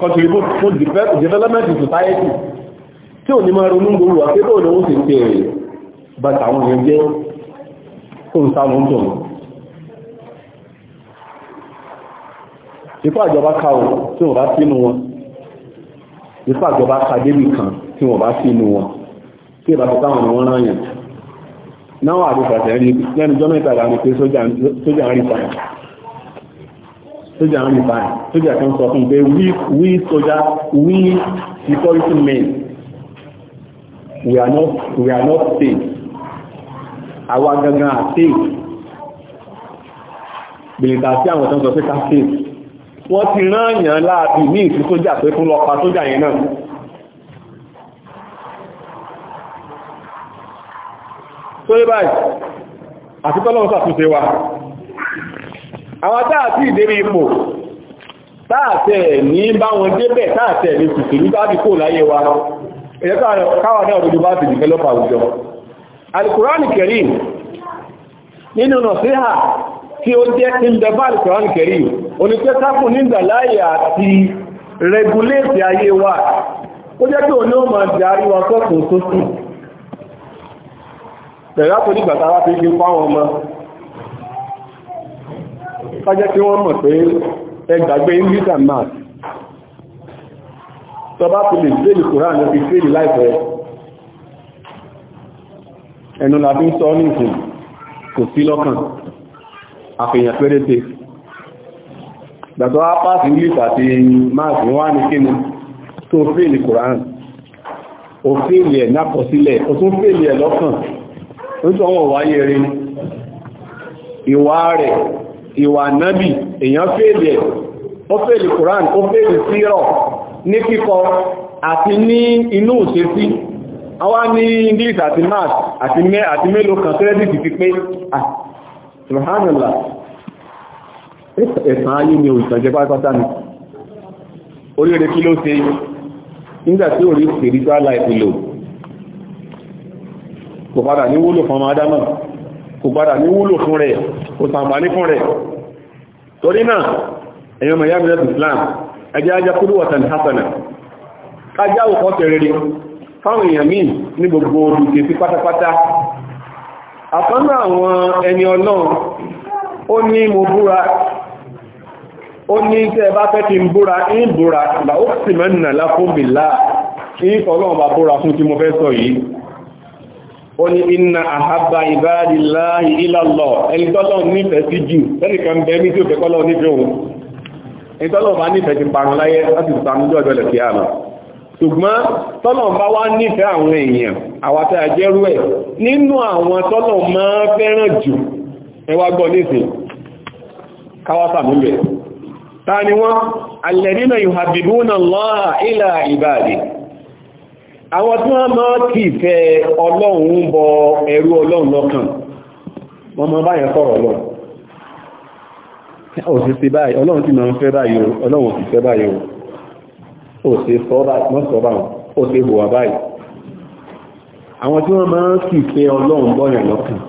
Speaker 1: contribute fún development in society tí ò ní máa ronú gbogbo wà pé bóòlù ó sì ń tèrè bá tàwọn èèyàn jẹ́ tó ń sáwọn tó ipá ìjọba káwọ tí wọ́n bá sínú wọn ipá ìjọba ká débì kan tí wọ́n bá sínú wọn tí ìbá tàwọn ni wọ́n ráyàn náà àdúgbàtẹ̀ rí lẹ́nu jọ́mẹ́ta ìlànà pé sójà ń rí padà sójà àwọn ìbá ẹ̀ sójà kan sọ fún pé we sójà we security men we are not we are not safe àwa gangan are safe bìrìtà sí àwọn tán sọ pé ká safe wọ́n ti rán yàn láàbì ní ìsú sójà pé fún lọ́pa sójà yẹn náà tó lé báyìí àti tọ́lọ́wọ́ sàtúnṣe wa àwọn táà tí ìdérí ipò táàtẹ̀ ní bá wọn débẹ̀ táàtẹ̀ ní kùsùrú tábí kò láyé wa ẹ̀yẹ́káwà náà dúdú bá ti develop àwùjọ alìkùránì kẹrìm nínú nọ̀síhà tí ó jẹ́ tí ń dẹ̀bá alìkùránì kẹrìm oníkẹ́sákù nígbà láyé àti rẹ̀gúlétì ayé wa ó jẹ́ tí òní ó máa darí wa sọ́kùn sósì pẹ̀lú àtòdígbàtà wá fi gbé fáwọn ọmọ kájẹ́ kí wọ́n mọ̀ pé ẹgbàgbé english and math tó bá fi lè fèèlì koran lọ fi fèèlì láìpẹ́ ẹnu la fi ń sọ ní ìsìn kò sí lọ́kàn àfihàn péréte gbàtọ́ apáàsì english àti math wọ́n á ní kíni tó fèèlì koran ò fèèlì ẹ̀ nákọsílẹ̀ ò tún fèèlì ẹ̀ lọ́kàn nítorí wọn wáyé rí rẹ̀ ìwà nábì èèyàn fèèlì ẹ̀ ó fèèlì Quran ó fèèlì sírọ̀ ní kíkọ àti ní inú òṣèṣí àwa ní English àti math àti mélòó kan kírẹ́dìtì ti pé subhanallah ẹ̀sàn ayé ni òṣìṣànjẹ́ pátápátá ni oríire kí ló ṣe nígbàtí orí spiritual life lò kò padà ní wúlò fún ọmọ adámọ̀ kò padà ní wúlò fún rẹ̀ kò ṣàǹfààní fún rẹ̀ torí náà ẹ̀yọ́ mọ̀ yàmìlẹ̀ islam ẹjẹ́ ajá kúrò wọ̀tàn hasana kájá òkọ́ tẹ̀rẹ̀rẹ̀ fáwọn èèyàn míì ní gbogbo olùgbé sí pátápátá àkọ́nà àwọn ẹni ọlọ́run ó ní mo búra ó ní iná àhábà ìbáàdìláì ìlàlọ̀ ẹni tọ́lọ̀ nífẹ̀ẹ́ sí jù lẹ́nìkan bẹ̀ẹ́mí tí ó fẹ́ kọ́lọ̀ nífẹ̀ẹ́ òun ẹni tọ́lọ̀ bá nífẹ̀ẹ́ ti parun láyé láti ìsàmójú ọ̀dọ́lẹ̀ sí àmà ṣùgbọ́n tọ́lọ̀ bá wá nífẹ̀ẹ́ àwọn èèyàn àwọn tí wọ́n máa kì í fẹ́ ọlọ́run ń bọ ẹrú ọlọ́run lọ́kàn wọ́n máa báyẹn sọ̀rọ̀ lọ òṣìṣẹ́ báyìí ọlọ́run ti máa ń fẹ́ báyìí ọlọ́run òṣìṣẹ́ báyìí òṣìṣẹ́ sọ báyìí òṣìṣẹ́ hùwà báyìí àwọn tí wọ́n máa ń kì í fẹ́ ọlọ́run bọ́yàn lọ́kàn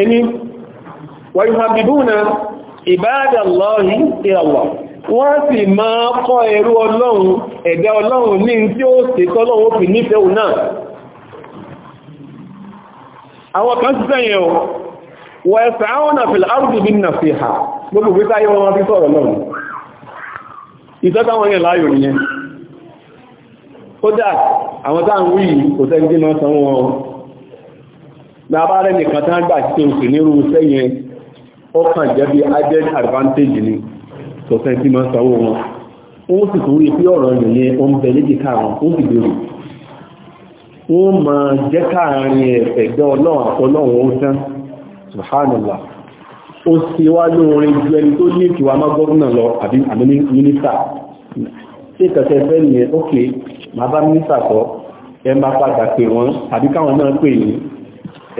Speaker 1: ẹni wọ́n yóò wọ́n sì máa kọ́ ẹrú ọlọ́run ẹ̀dá ọlọ́run ní tí ó sì fi nífẹ̀ẹ́ òun náà àwọn kan sí sẹ́yìn ọ̀ wọ ẹ̀sà àwọn nàfẹ̀lẹ̀ arúgbù bí nàfẹ̀hà gbogbo ìgbésí wọn fi sọ̀rọ̀ lọ́run ìtọ́tàwọn na sọ̀fẹ́ tí máa ń sanwó wọn wọ́n sì tún rí pé ọ̀rọ̀ ìrìnlẹ̀ ó ń bẹ léjìká wọn ó sì gbèrò wọ́n máa jẹ́ káàrin ẹ̀fẹ̀gbẹ́ ọlọ́run àtọlọ́run ó tán subhanallah ó sì wá lóorin ju ẹni tó ní ìkìwà má gọ́ọ̀nà lọ àbí mínísà ṣé kẹsẹ̀ fẹ́ nìyẹn ok màá bá mínísà sọ ẹ máa padà pè wọ́n àbí káwọn náà pè yín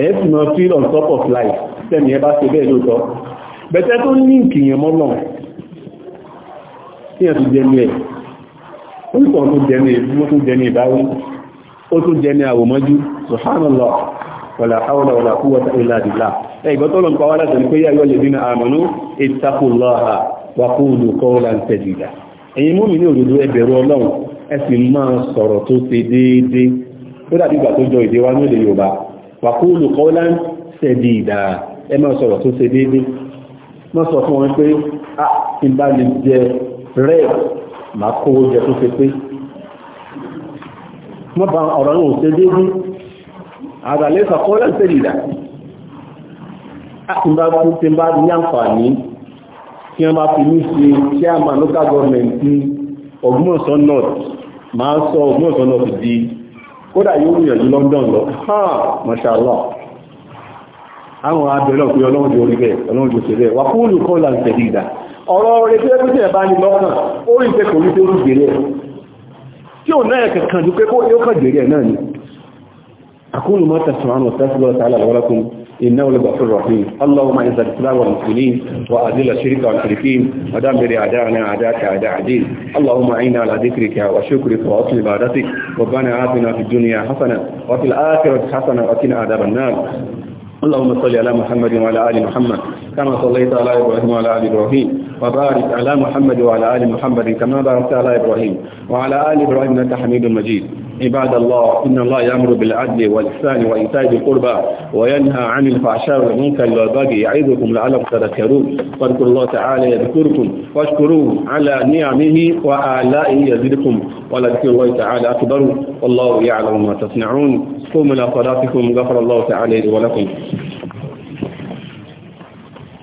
Speaker 1: ẹ sì máa feel on top of life sẹ́ni ẹ bá ṣe bẹ́ẹ̀ lóòótọ́ bẹ̀tẹ́ tó ní ìkìyàn mọ́lọ́run tí ẹ̀ tún jẹnu ẹ̀ oníkọ̀ tún jẹnu ìbúmọ́ tún jẹnu ìbáwí ó tún jẹnu àwòmọ́jú subhanallah wàlá haúlà wàlá quwwata illa billah ẹgbẹ́ tó lọ ń pa wá láti ní pé yá yọ́ lè dínà amanu ittaqullaha wa qulu qawlan sadida ẹ̀yin mọ́mí ní òdodo ẹ bẹ̀rù ọlọ́run ẹ sì máa sọ̀rọ̀ tó ṣe déédéé ó dàbí ìgbà tó jọ èdè ní èdè yorùbá wa qulu qawlan sadida ẹ máa sọ̀rọ̀ tó ṣe déédéé rẹ̀ máa kó oúnjẹ tó ṣe pé wọ́n bá ọ̀rọ̀ náà ṣe déédé àgbàlẹ́ sọ̀kọ́ lẹ́sẹ̀ ìdá láti bá kú tí bá ní àǹfààní tí wọ́n bá fi ní ṣe chairman local government ní Ògbómọ̀ṣọ́ north máa ń sọ Ògbómọ̀ṣọ́ north di kódà yóò rìnrìn ju London lọ mashallah àwọn abẹ́lọ̀ pé ọlọ́run ti orí bẹ́ẹ̀ ọlọ́run ti ṣe bẹ́ẹ̀ wà kúrò kọ́ làǹfẹ̀dìdà ọ̀rọ̀ orí tí ẹgbẹ́ ìjẹ̀bá ní lọ́kàn ó rí pé kò rí pé ó gbèrè ẹ̀ tí ò náà kẹ̀kàn jù pé kó yóò kàn gbèrè ẹ̀ náà ni أقول ما تسمعون واستغفر الله تعالى ولكم إنه لغفور رحيم اللهم أعز الإسلام والمسلمين وأذل الشرك والمشركين ودمر أعداءنا أعداءك أعداء الدين اللهم أعنا على ذكرك وشكرك وحسن عبادتك ربنا آتنا في الدنيا حسنة وفي الآخرة حسنة وقنا عذاب النار اللهم صل على محمد وعلى آل محمد كما صليت على إبراهيم وعلى آل إبراهيم وبارك على محمد وعلى آل محمد كما باركت على إبراهيم وعلى آل إبراهيم إنك حميد مجيد عباد الله إن الله يأمر بالعدل والإحسان وإيتاء ذي القربى وينهى عن الفحشاء والمنكر والبغي يعظكم لعلكم تذكرون فاذكروا الله تعالى يذكركم واشكروه على نعمه وآلائه يزدكم ولذكر الله تعالى أكبر والله يعلم ما تصنعون قوموا إلى صلاتكم غفر الله تعالى ولكم